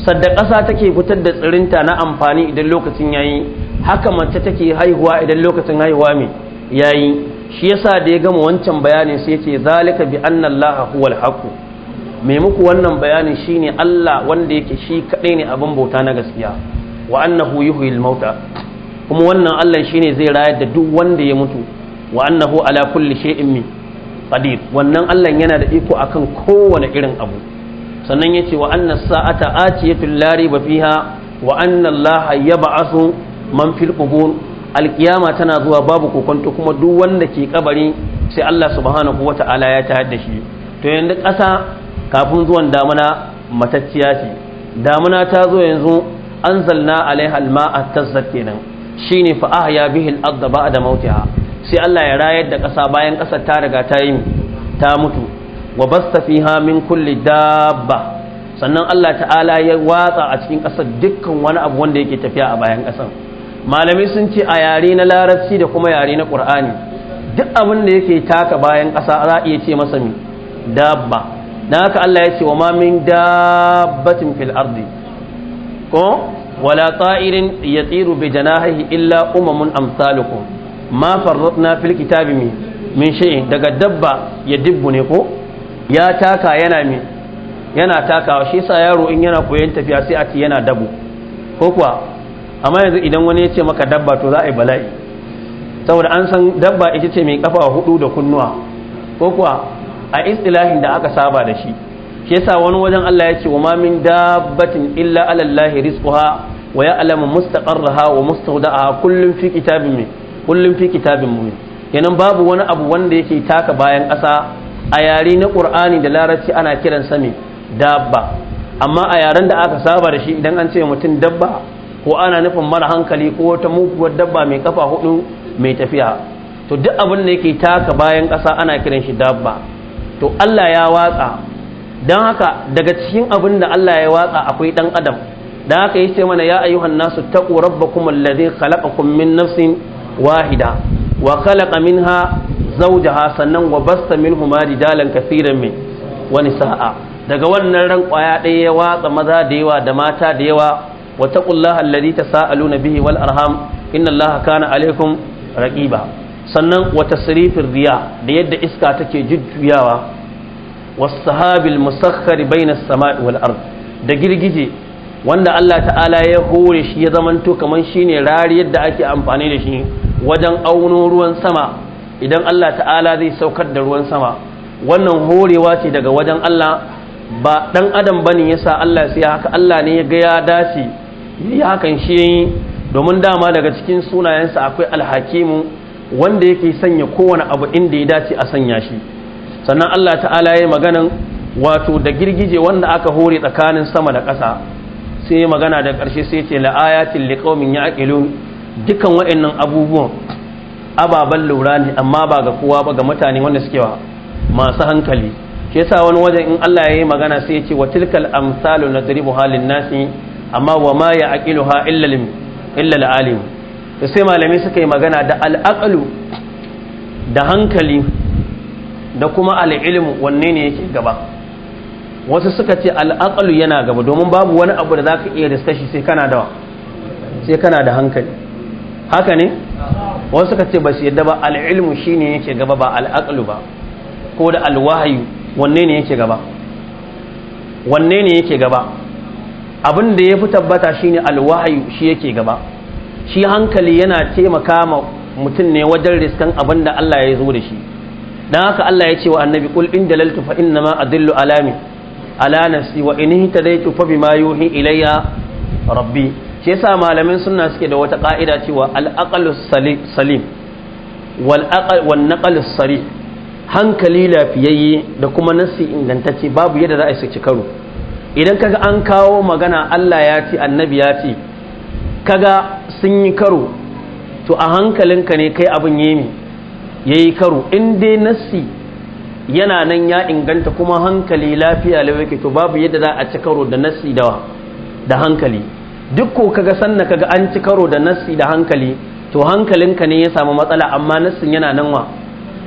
sadda ƙasa take fitar da tsirinta na amfani idan lokacin yayi haka mace take haihuwa idan lokacin haihuwa mi yayi shi yasa da ya gama wancan bayanin sai ce zalika bi anna allaha huwal haqq mai muku wannan bayanin shine Allah wanda yake shi kaɗai ne abin bauta na gaskiya wa annahu yuhyil mauta kuma wannan Allah shine zai rayar da duk wanda ya mutu wa annahu ala kulli shay'in min qadir wannan Allah yana da iko akan kowane irin abu sannan yace wa anna sa'ata atiyatul la fiha wa anna Allah yab'athu man fil qubur alkiyama tana zuwa babu kokonto kuma duk wanda ke kabari sai Allah subhanahu wata'ala ya tayar da shi to yanzu ƙasa kafin zuwan damuna matacciya ce damuna ta zo yanzu an zalna alaiha alma'a tazzat kenan shine fa ya bihi al-ardh da mautiha sai Allah ya rayar da ƙasa bayan ƙasar ta riga ta yi ta mutu wa basta fiha min kulli dabba sannan Allah ta'ala ya watsa a cikin ƙasar dukkan wani abu wanda yake tafiya a bayan ƙasar Malami sun ce a yare na larabci da kuma yare na ƙur'ani duk abin da yake taka bayan ƙasa za a iya ce masa dabba na haka Allah ya ce wa mamin da dabbatin fil ardi ko wala ta'irin bai jana haihi illa umamun amsaluku ma na fil kitabi mi min shi daga dabba ya dibbu ne ko ya taka yana mi yana takawa shi sa yaro in yana koyon tafiya sai a ce yana dabu ko kuwa amma yanzu idan wani ya ce maka dabba to za a yi bala'i saboda an san dabba ita ce mai kafa hudu da kunnuwa ko kuwa a istilahin da aka saba da shi shi yasa wani wajen Allah ya ce wa ma min dabbatin illa ala Allah rizquha wa ya'lamu mustaqarraha wa mustawda'aha kullun fi kitabin mu. kullun fi kitabin mu. kenan babu wani abu wanda yake taka bayan ƙasa a yare na Qur'ani da Larabci ana kiran sa dabba amma a yaren da aka saba da shi idan an ce mutum dabba ko ana nufin mara hankali ko wata muguwar dabba mai kafa hudu mai tafiya to duk abin da yake taka bayan ƙasa ana kiran shi dabba to Allah ya watsa don haka daga cikin abin da Allah ya watsa akwai ɗan adam da haka ya ce mana ya ayyuhan nasu taqu kuma alladhi khalaqakum min nafsin wahida wa khalaqa minha zawjaha sannan wa basta minhuma rijalan kaseeran min wa nisaa daga wannan ran kwaya ɗaya ya watsa maza da yawa da mata da yawa wa taqullaha alladhi tasaaluna bihi wal arham inna allaha kana alaikum raqiba sannan wata tasrifin riya da yadda iska take jujjuyawa wasahabil musakhkhari bainas bainar wal ard da girgije wanda Allah ta'ala ya hore shi ya zamanto kaman shine rari yadda ake amfani da shi wajen auno ruwan sama idan Allah ta'ala zai saukar da ruwan sama wannan horewa ce daga wajen Allah ba dan adam bane yasa Allah sai haka Allah ne ya ga ya dace yi hakan shi domin dama daga cikin sunayensa akwai alhakimu wanda yake sanya kowane abu inda ya dace a sanya shi sannan Allah ta'ala ya yi maganan wato da girgije wanda aka hore tsakanin sama da ƙasa sai magana da ƙarshe sai ce la'ayatin liqaumin ya'qilun dukan waɗannan abubuwan ababen lura ne amma ba ga kowa ba ga mutane wanda suke wa masu hankali ke sa wani wajen in Allah ya yi magana sai ya ce wa tilkal amsalu nadribu halin nasi amma wa ma ya aqiluha illa alim da sai malamai suka yi magana da al'aqalu da hankali da kuma al'ilmu wanne ne yake gaba wasu suka ce al'aqalu yana gaba domin babu wani abu da zaka iya daskashi sai kana da sai kana da hankali haka ne wasu suka ce ba su yadda ba al'ilmu shi ne yake gaba ba al'aqalu ba ko da alwahayu wanne ne yake gaba wanne ne yake gaba abin da ya fi tabbata shi ne alwahayu shi yake gaba shi hankali yana taimaka ma mutum ne wajen riskan abin da Allah ya zo da shi dan haka Allah ya ce wa annabi qul in dalaltu fa inna ma adillu alami ala nafsi wa in hidaytu fa bima yuhi ilayya rabbi shi yasa malamin sunna suke da wata ka'ida cewa al aqlu salim wal aqal wan naqal sarih hankali lafiyayye da kuma nassi ingantacce babu yadda za a yi su ci karo idan kaga an kawo magana Allah ya ce annabi ya ce kaga sun yi karo to a hankalinka ne kai abin yemi ya yi karo in dai nassi yana nan ya inganta kuma hankali lafiya ke, to babu yadda za a ci karo da nassi da hankali duk ko kaga sanna kaga an ci karo da nassi da hankali to hankalinka ne ya samu matsala amma nassin yana nan wa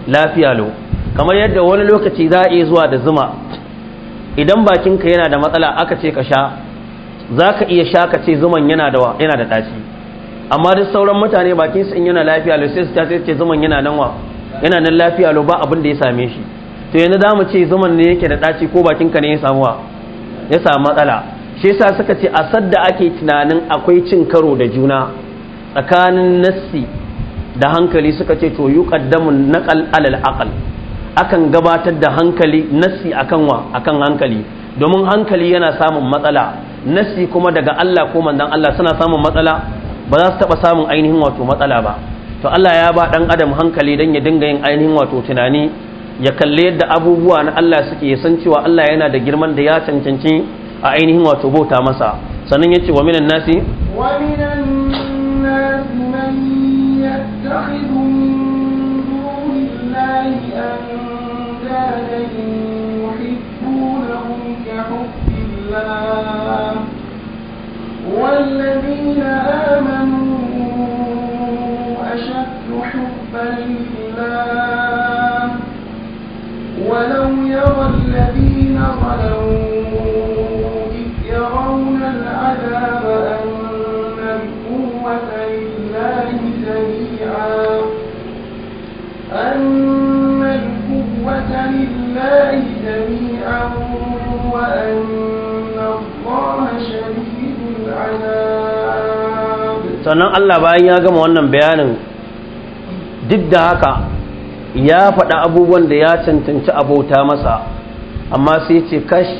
lafiya lau kamar yadda wani lokaci za a iya zuwa da zuma idan bakinka yana da matsala aka ce ka sha za ka iya sha ka ce zuman yana da yana da ɗaci amma duk sauran mutane bakin su in yana lafiya lo sai su ta ce zuman yana nan wa yana nan lafiya lo ba abin da ya same shi to yanzu za mu ce zuman ne yake da ɗaci ko bakin ka ne ya samu wa ya samu matsala shi yasa suka ce a da ake tunanin akwai cin karo da juna tsakanin nassi da hankali suka ce to yuqaddamu naqal alal aqal akan gabatar da hankali nassi akan wa akan hankali domin hankali yana samun matsala nasi kuma daga Allah ko mandan Allah suna samun matsala ba za su taba samun ainihin wato matsala ba to Allah ya ba dan adam hankali dan ya dinga yin ainihin wato tunani ya kalle yadda abubuwa na Allah suke ya san cewa Allah yana da girman da ya cancanci a ainihin wato bauta masa sannan yace wa minan nasi
wa minan nasi man yattakhidhu min dunillahi andadan والذين آمنوا أشد حبا لله ولو يرى الذين ظلموا إذ يرون العذاب أن القوة لله جميعا أن القوة لله جميعا وأن
sannan Allah bayan ya gama wannan bayanin duk da haka ya faɗa abubuwan da ya cancanci abota masa amma sai ce kash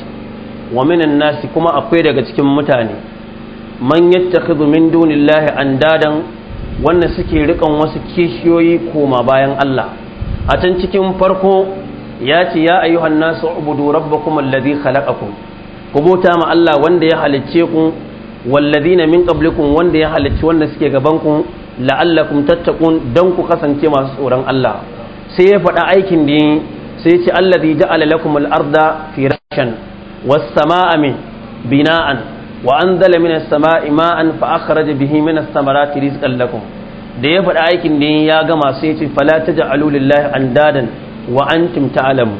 wa minan nasi kuma akwai daga cikin mutane man yattakhidhu min an dadan wannan suke rikon wasu kishiyoyi koma bayan Allah a can cikin farko ya ce ya ayi hannasa abu durabba kuma khalaqakum ku kubuta ma Allah wanda ya halicce ku walladina min qablikum wanda ya halicci wanda suke gaban ku la'allakum tattaqun dan ku kasance masu tsoron Allah sai ya faɗa aikin da sai ya ce allazi ja'ala lakum al-arda firashan was-samaa'a min bina'an wa anzala minas samaa'i ma'an fa akhraja bihi minas samarati rizqan lakum da ya faɗa aikin da ya gama sai ya ce fala taj'alu lillahi andadan wa antum ta'lamun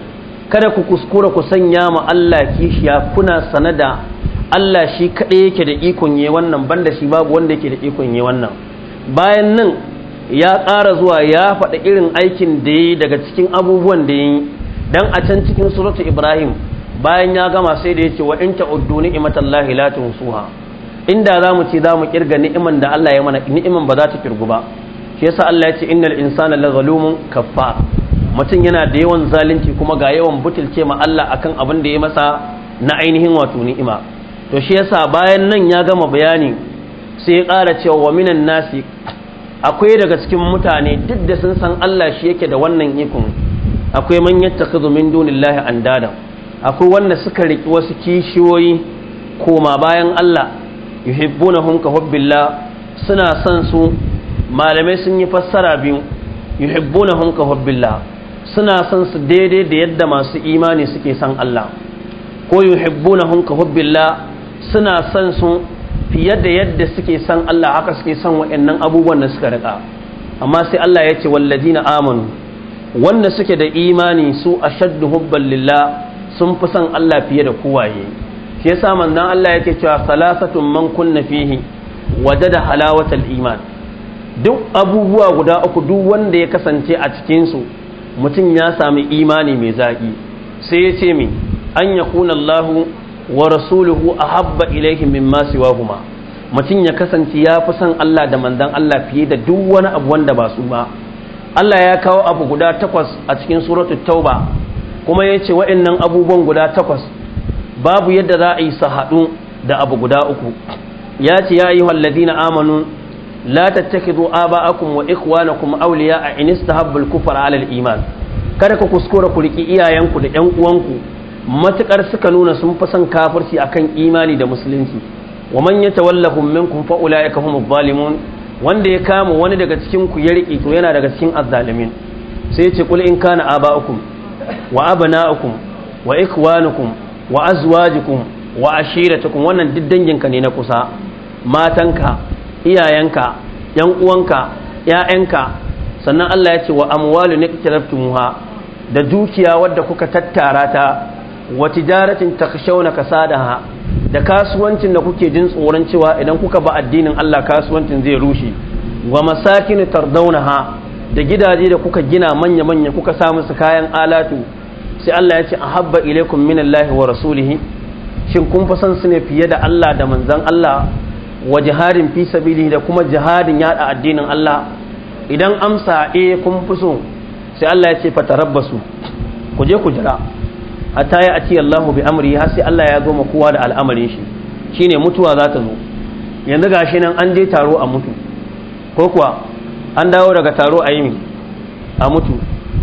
kada ku kuskura ku sanya ma Allah kishiya kuna sanada Allah shi kaɗai yake da ikon yi wannan banda shi babu wanda yake da ikon yi wannan bayan nan ya ƙara zuwa ya faɗa irin aikin da yi daga cikin abubuwan da yi don a can cikin suratu Ibrahim bayan ya gama sai da yake wa uddu ta'uddu lahi la tuhsuha inda zamu ce zamu kirga ni'iman da Allah ya mana ni'iman ba za ta kirgu ba shi yasa Allah ya ce innal insana la zalumun kaffar mutum yana da yawan zalunci kuma ga yawan butulce ma Allah akan abin da ya masa na ainihin wato ni'ima to shi yasa bayan nan ya gama bayani sai ya ƙara cewa wa minan nasi akwai daga cikin mutane duk da sun san Allah shi yake da wannan ikon akwai man yattakhidhu min dunillahi andada akwai wanda suka riki wasu kishiyoyi koma bayan Allah yuhibbunahum ka hubbillah suna son su malamai sun yi fassara biyu yuhibbunahum ka hubbillah suna son su daidai da yadda masu imani suke son Allah ko yuhibbunahum ka hubbillah suna son su fiye da yadda suke son Allah haka suke son waɗannan abubuwan da suka rika amma sai Allah ya ce na amanu wanda suke da imani su a ashaddu hubban lillah sun fi son Allah fiye da kowaye shi yasa manzon Allah yake cewa salasatun man kunna fihi wajada halawatal iman duk abubuwa guda uku duk wanda ya kasance a cikinsu mutum ya sami imani mai zaki sai ya ce min an yakuna Allahu wa rasuluhu ahabba ilayhi mimma siwahuma mutum ya kasance ya fi son Allah da mandan Allah fiye da duk wani abu wanda ba su ba Allah ya kawo abu guda takwas a cikin suratul tauba kuma ya ce wa'annan abubuwan guda takwas babu yadda za a yi su haɗu da abu guda uku ya ce ya yi wallazina amanu la tattakidu aba'akum wa ikhwanakum awliya a inista habbul ala alal iman kada ku kuskura ku riki iyayenku da yan uwanku matukar suka nuna sun fi son kafirci akan imani da musulunci wa man yatawallahum minkum fa ulaika humuz zalimun wanda ya kama wani daga cikin ku ya riƙe to yana daga cikin azzalimin sai ya ce kul in kana aba'ukum wa abna'ukum wa ikwanukum wa azwajukum wa ashiratukum wannan duk danginka ne na kusa matanka iyayenka yan uwanka ƴaƴanka sannan Allah ya ce wa amwalu muha da dukiya wadda kuka tattara ta wa tijaratin takshawna kasadaha da kasuwancin da kuke jin tsoron cewa idan kuka ba addinin Allah kasuwancin zai rushe wa masakin tardaunaha da gidaje da kuka gina manya manya kuka sa musu kayan alatu sai Allah ya ce ahabba ilaikum minallahi wa rasulihi shin kun fa san su ne fiye da Allah da manzon Allah wa jihadin fi sabilihi da kuma jihadin yada addinin Allah idan amsa eh kun fi so sai Allah ya ce fatarabbasu ku je ku jira yi a ati Allahu bi amri har sai Allah ya goma kowa da al'amarin shi shine mutuwa za ta zo yanzu gashi nan an je taro a mutu ko kuwa an dawo daga taro a yi a mutu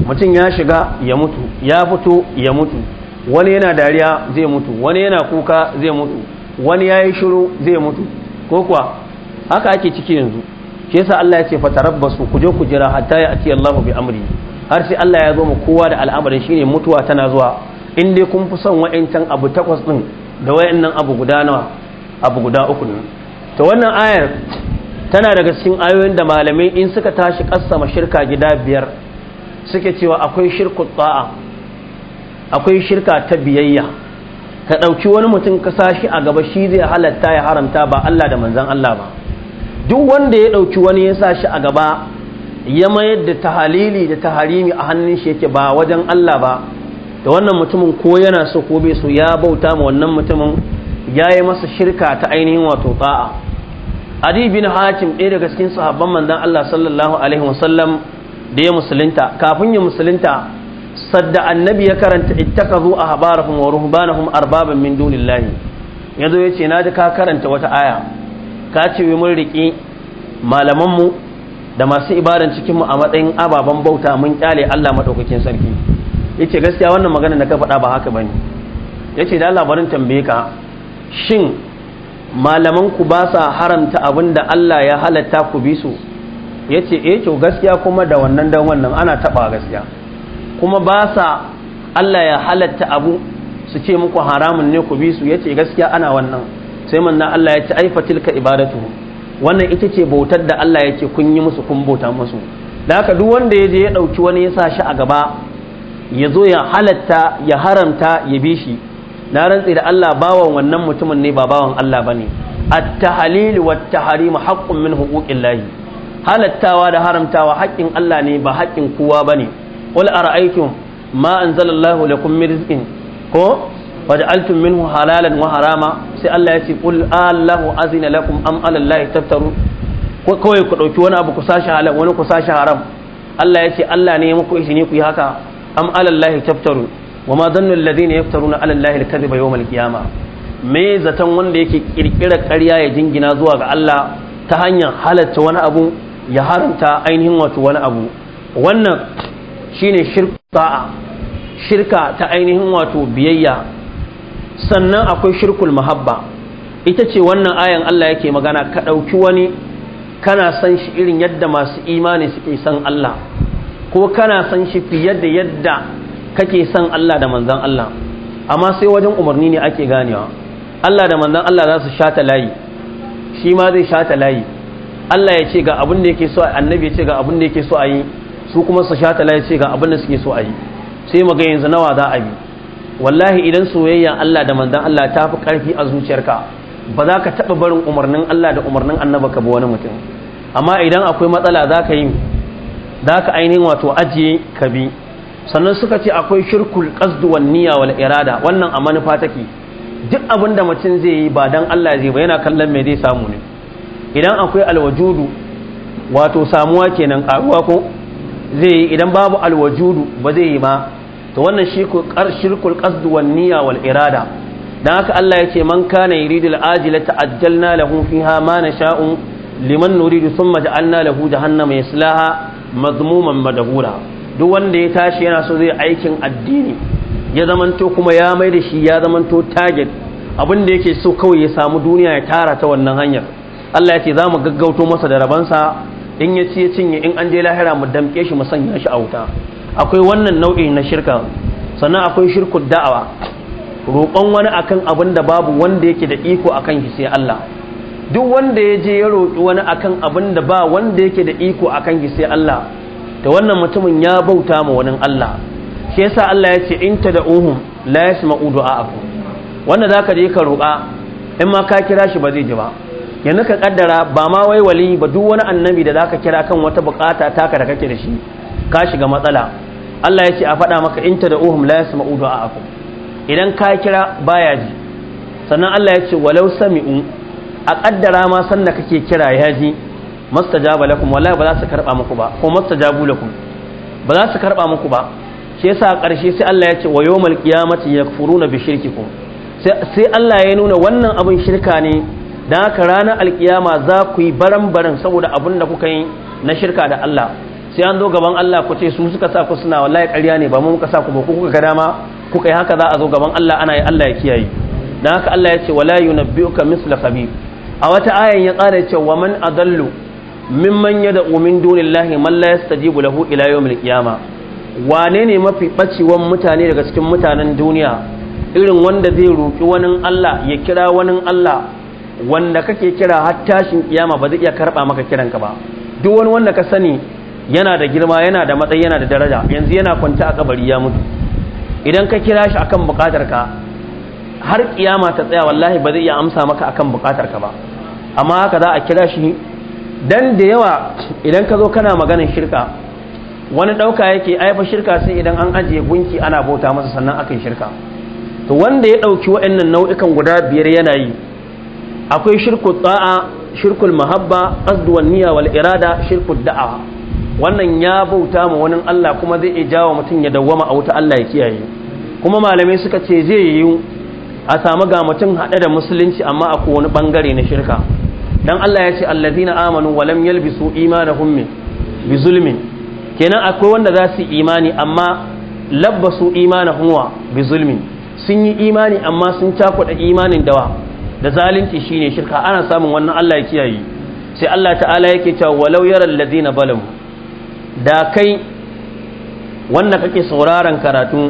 mutum ya shiga ya mutu ya fito ya mutu wani yana dariya zai mutu wani yana kuka zai mutu wani ya yi shiru zai mutu ko kuwa haka ake ciki yanzu shi yasa Allah ya ce fatarabbasu ku je ku jira hatta ya ati Allahu bi amri har sai Allah ya zo mu kowa da al'amarin shine mutuwa tana zuwa in dai kun fi son wa'ancan abu takwas din da wayannan abu guda nawa abu guda uku ne to wannan ayar tana daga cikin ayoyin da malamai in suka tashi kassama shirka gida biyar suke cewa akwai shirku ta'a akwai shirka ta biyayya ka ɗauki wani mutum ka sashi a gaba shi zai halatta ya haramta ba Allah da manzan Allah ba duk wanda ya ɗauki wani ya sashi a gaba ya mayar da tahalili da taharimi a hannun shi yake ba wajen Allah ba da wannan mutumin ko yana so ko bai so ya bauta ma wannan mutumin ya yi masa shirka ta ainihin wato ta'a adi bin hakim ɗaya daga cikin sahabban manzon Allah sallallahu alaihi wasallam da ya musulunta kafin ya musulunta sadda annabi ya karanta ittakazu ahbarahum wa ruhbanahum arbaban min dunillahi yazo yace na ji ka karanta wata aya ka ce mun riki malamanmu da masu ibadan cikinmu a matsayin ababen bauta mun kyale Allah madaukakin sarki yace gaskiya wannan magana da ka faɗa ba haka ba bane yace da labarin tambaye ka shin malaman ku ba sa haramta abin da Allah ya halatta ku bi su yace eh to gaskiya kuma da wannan dan wannan ana taba gaskiya kuma ba sa Allah ya halatta abu su ce muku haramun ne ku bi su yace gaskiya ana wannan sai manzon Allah ya ce ai fatilka ibadatu wannan ita ce bautar da Allah yake kun yi musu kun bauta musu da haka duk wanda ya je ya dauki wani ya sa shi a gaba ya zo ya halatta ya haramta ya bi shi na rantsi da Allah bawan wannan mutumin ne ba bawan Allah bane at-tahlil wa at-tahrim haqqun min huquqillahi halattawa da haramtawa haƙƙin Allah ne ba haƙƙin kowa bane qul ara'aytum ma anzalallahu lakum min rizqin ko waja'altum minhu halalan wa harama sai Allah ya ce qul allahu azina lakum am ala allahi taftaru ko kawai ku dauki wani abu ku sashi halal wani ku sashi haram Allah ya ce Allah ne ya muku izini ku yi haka am alallahi taftaru wa ma dhannu alladhina yaftaruna alallahi alkadhiba yawm alqiyama me zaton wanda yake kirkira ƙarya ya jingina zuwa ga Allah ta hanyar halatta wani abu ya haranta ainihin wato wani abu wannan shine shirka shirka ta ainihin wato biyayya sannan akwai shirkul mahabba ita ce wannan ayan Allah yake magana ka ɗauki wani kana san shi irin yadda masu imani suke san Allah ko kana san shi fiye da yadda kake san Allah da manzan Allah amma sai wajen umarni ne ake ganewa Allah da manzan Allah za su shata layi shi ma zai shata layi Allah ya ce ga abin da yake so annabi ya ce ga abin da yake so a yi su kuma su shata layi ce ga abin da suke so a yi sai mu ga yanzu nawa za a bi wallahi idan soyayya Allah da manzan Allah ta fi karfi a zuciyarka ba za ka taɓa barin umarnin Allah da umarnin annaba ka bi wani mutum amma idan akwai matsala za ka yi da haka ainihin wato ajiye ka bi sannan suka ce akwai shirkul ƙasduwan niyya wal irada wannan a manufa take duk abin da mutum zai yi ba dan Allah zai ba yana kallon mai zai samu ne idan akwai alwajudu wato samuwa kenan karuwa ko zai yi idan babu alwajudu ba zai yi ba to wannan shirkul ƙasduwan niyya wal irada dan haka Allah ya ce man kana yuridul ajilata ta'ajjalna lahu fiha ma nasha'u liman nuridu thumma ja'alna lahu jahannama yaslaha mazmuman madahura duk wanda ya tashi yana so zai aikin addini ya zamanto kuma ya mai da shi ya zamanto target abin da yake so kawai ya samu duniya ya tara ta wannan hanyar Allah ya ce za mu gaggauto masa da rabansa in ya ci ya cinye in an je lahira mu damke shi mu sanya shi a wuta akwai wannan nau'i na shirka sannan akwai shirkun da'awa roƙon wani akan abin da babu wanda yake da iko akan shi sai Allah duk wanda ya je ya roƙi wani akan abin da ba wanda yake da iko akan shi sai Allah da wannan mutumin ya bauta ma wani Allah shi yasa Allah ya ce in tad'uhum la yasma'u du'a'akum wanda zaka je ka roƙa in ma ka kira shi ba zai ji ba yanzu ka kaddara ba ma wai wali ba duk wani annabi da zaka kira kan wata bukata taka da kake da shi ka shiga matsala Allah ya ce a faɗa maka in tad'uhum la yasma'u du'a'akum idan ka kira baya ji sannan Allah ya ce walau sami'u a kaddara ma sanda kake kira ya ji mastajaba lakum wallahi ba za su karba muku ba ko mastajabu lakum ba za su karba muku ba shi yasa a ƙarshe sai Allah ya ce wa yawmal qiyamati yakfuruna bi shirkikum sai Allah ya nuna wannan abin shirka ne dan haka ranar alkiyama za ku yi baran-baran saboda abin da kuka yi na shirka da Allah sai an zo gaban Allah ku ce su suka sa ku suna wallahi ƙarya ne ba mu muka sa ku ba ku kuka ga dama kuka yi haka za a zo gaban Allah ana yi Allah ya kiyaye dan haka Allah ya ce wala yunabbiuka misla khabir a wata ayan ya tsada cewa man adallu mimman yad'u min dunillahi man la yastajibu lahu ila yawmil qiyama wane ne mafi bacewan mutane daga cikin mutanen duniya irin wanda zai roki wani Allah ya kira wani Allah wanda kake kira har tashin kiyama ba zai iya karba maka kiran ka ba duk wani wanda ka sani yana da girma yana da matsayi yana da daraja yanzu yana kwanta a kabari ya mutu idan ka kira shi akan bukatarka har kiyama ta tsaya wallahi ba zai iya amsa maka akan bukatarka ba amma haka za a kira shi dan da yawa idan ka zo kana maganin shirka wani ɗauka yake aifa shirka sai idan an ajiye gunki ana bauta masa sannan akan shirka to wanda ya ɗauki waɗannan nau'ikan guda biyar yana yi akwai shirkul tsa'a shirkul mahabba qasduwan niyya wal irada shirkul da'a wannan ya bauta ma wani Allah kuma zai iya jawo mutum ya dawwama a wuta Allah ya kiyaye kuma malamai suka ce zai yiwu a samu ga mutum haɗe da musulunci amma akwai wani bangare na shirka dan Allah ya ce allazina amanu wa lam yalbisu imanahum bi zulmin kenan akwai wanda za su imani amma labbasu imanahum wa bi zulmin sun yi imani amma sun cakuɗa imanin dawa da zalunci shine shirka ana samun wannan Allah ya kiyaye sai Allah ta'ala yake cewa walau yara allazina balamu da kai wanda kake sauraron karatu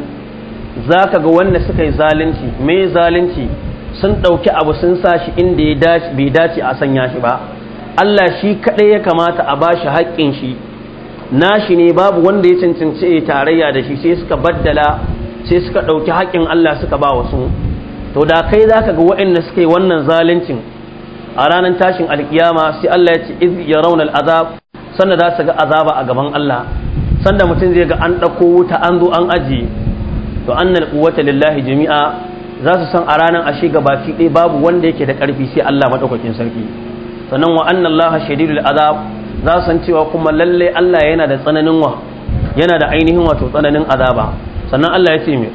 zaka ga wanda suka yi zalunci mai zalunci sun ɗauki abu sun sa shi inda ya bai dace a sanya shi ba Allah shi kaɗai ya kamata a bashi haƙƙin shi nashi ne babu wanda ya cancanci a tarayya da shi sai suka baddala sai suka ɗauki haƙƙin Allah suka ba wasu to da kai za ka ga waɗanda suka yi wannan zaluncin a ranar tashin alkiyama sai Allah ya ce iz raunar azab, sanda za su ga azaba a gaban Allah sanda mutum zai ga an ɗauko wuta an zo an ajiye to annal quwwata lillahi jami'a za su san a ranar ashe gabaki ɗaya babu wanda yake da ƙarfi sai Allah maɗaukakin sarki sannan wa laha Allah da azab za su san cewa kuma lalle Allah yana da tsananin wa yana da ainihin wato tsananin azaba sannan Allah ya ce me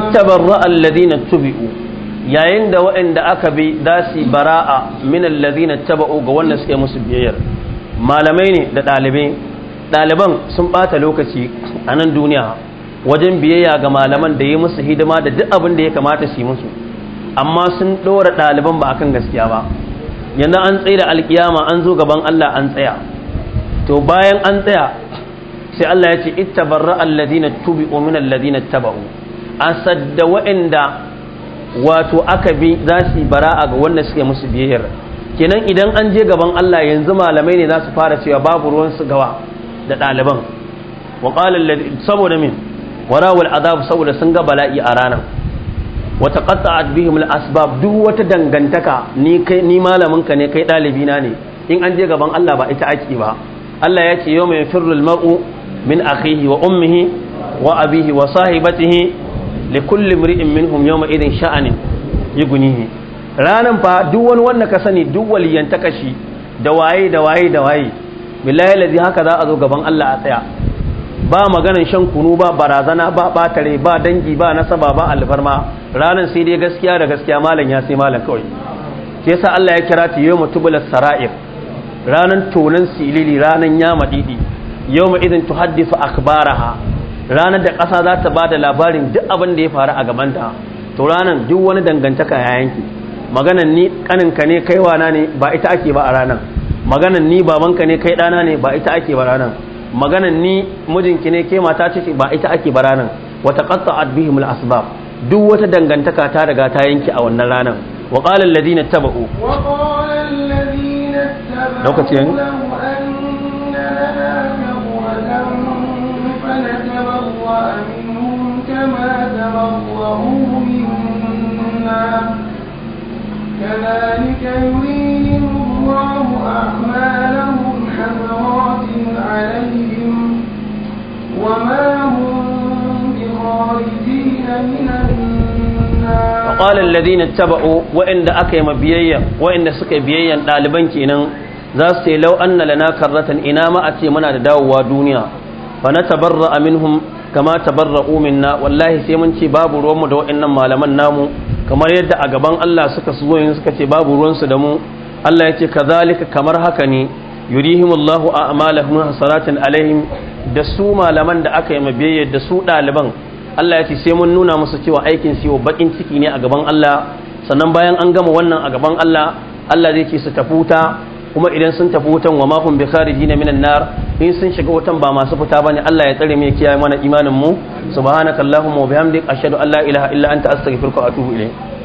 اتبرأ الذين tubi'u. yayin da waɗanda aka bi za bara'a min allazina taba'u ga wanda suke musu biyayyar malamai ne da ɗalibai ɗaliban sun ɓata lokaci a nan duniya wajen biyayya ga malaman da yi musu hidima da duk abin da ya kamata su yi musu amma sun ɗora ɗaliban ba akan gaskiya ba yanzu an tsaye da alkiyama an zo gaban Allah an tsaya to bayan an tsaya sai Allah ya ce ittabarra alladhina tubi'u min alladhina taba'u asadda waɗanda wato aka bi za su yi bara'a ga wanda suke musu biyayyar kenan idan an je gaban Allah yanzu malamai ne za su fara cewa babu ruwan su gawa da ɗaliban wa saboda min azab saboda sun ga bala'i a ranar wata qatta'at bihim al-asbab duk wata dangantaka ni kai ni malamin ka ne kai ɗalibi na ne in an je gaban Allah ba ita ake ba Allah ya ce yawma yafirru al-mar'u min akhihi wa ummihi wa abihi wa sahibatihi li kulli mri'in minhum yawma idin sha'anin yugunihi ranan fa duk wani wanda ka sani duk waliyan ta kashi da waye da waye da waye billahi ladhi haka za a zo gaban Allah a tsaya ba maganan shan kunu ba barazana ba batare ba dangi ba nasaba ba alfarma ranan sai dai gaskiya da gaskiya malam ya sai malam kawai ke sa Allah ya kira ta yawma tubul sara'ir ranan tonan silili ranan yama didi yawma idin tuhaddifu akhbaraha ranar da ƙasa za ta ba da labarin duk abin da ya faru a gabanta to ranar duk wani dangantaka ya yanki maganan ni kaninka ne kai wana ne ba ita ake ba a ranar maganan ni babanka ne kai ɗana ne ba ita ake ba ranar maganan ni mijinki ne ke mata ce ba ita ake ba ranar wata qatta'at bihim al-asbab duk wata dangantaka ta riga ta yanki a wannan ranar wa qala alladhina tabau
كما تبرأوا منا كذلك يريهم الله أعمالهم حسرات عليهم وما هم بخارجين من النار وقال الذين
اتبعوا وإن أكيم بيئا وإن سك بيئا ɗaliban kenan za su ce lau an na lana karratan ina ma a ce muna da dawowa duniya fa na tabarra minhum kama tabarra'u minna wallahi sai mun ce babu ruwanmu da waɗannan malaman namu kamar yadda a gaban Allah suka so yin suka ce babu ruwansu da mu Allah ya ce kazalika kamar haka ne yurihimullahu a'malahum hasaratin alaihim da su malaman da aka yi biyayya da su ɗaliban Allah ya ce sai mun nuna musu cewa aikin su bakin ciki ne a gaban Allah sannan bayan an gama wannan a gaban Allah Allah zai ce su tafuta kuma idan sun tafi wutan wa mahum bi kharijina minan nar in sun shiga wutan ba masu fita bane Allah ya tsare mu ya kiyaye mana imanin mu subhanakallahumma wa bihamdik ashhadu an la ilaha illa anta astaghfiruka wa atubu ilayk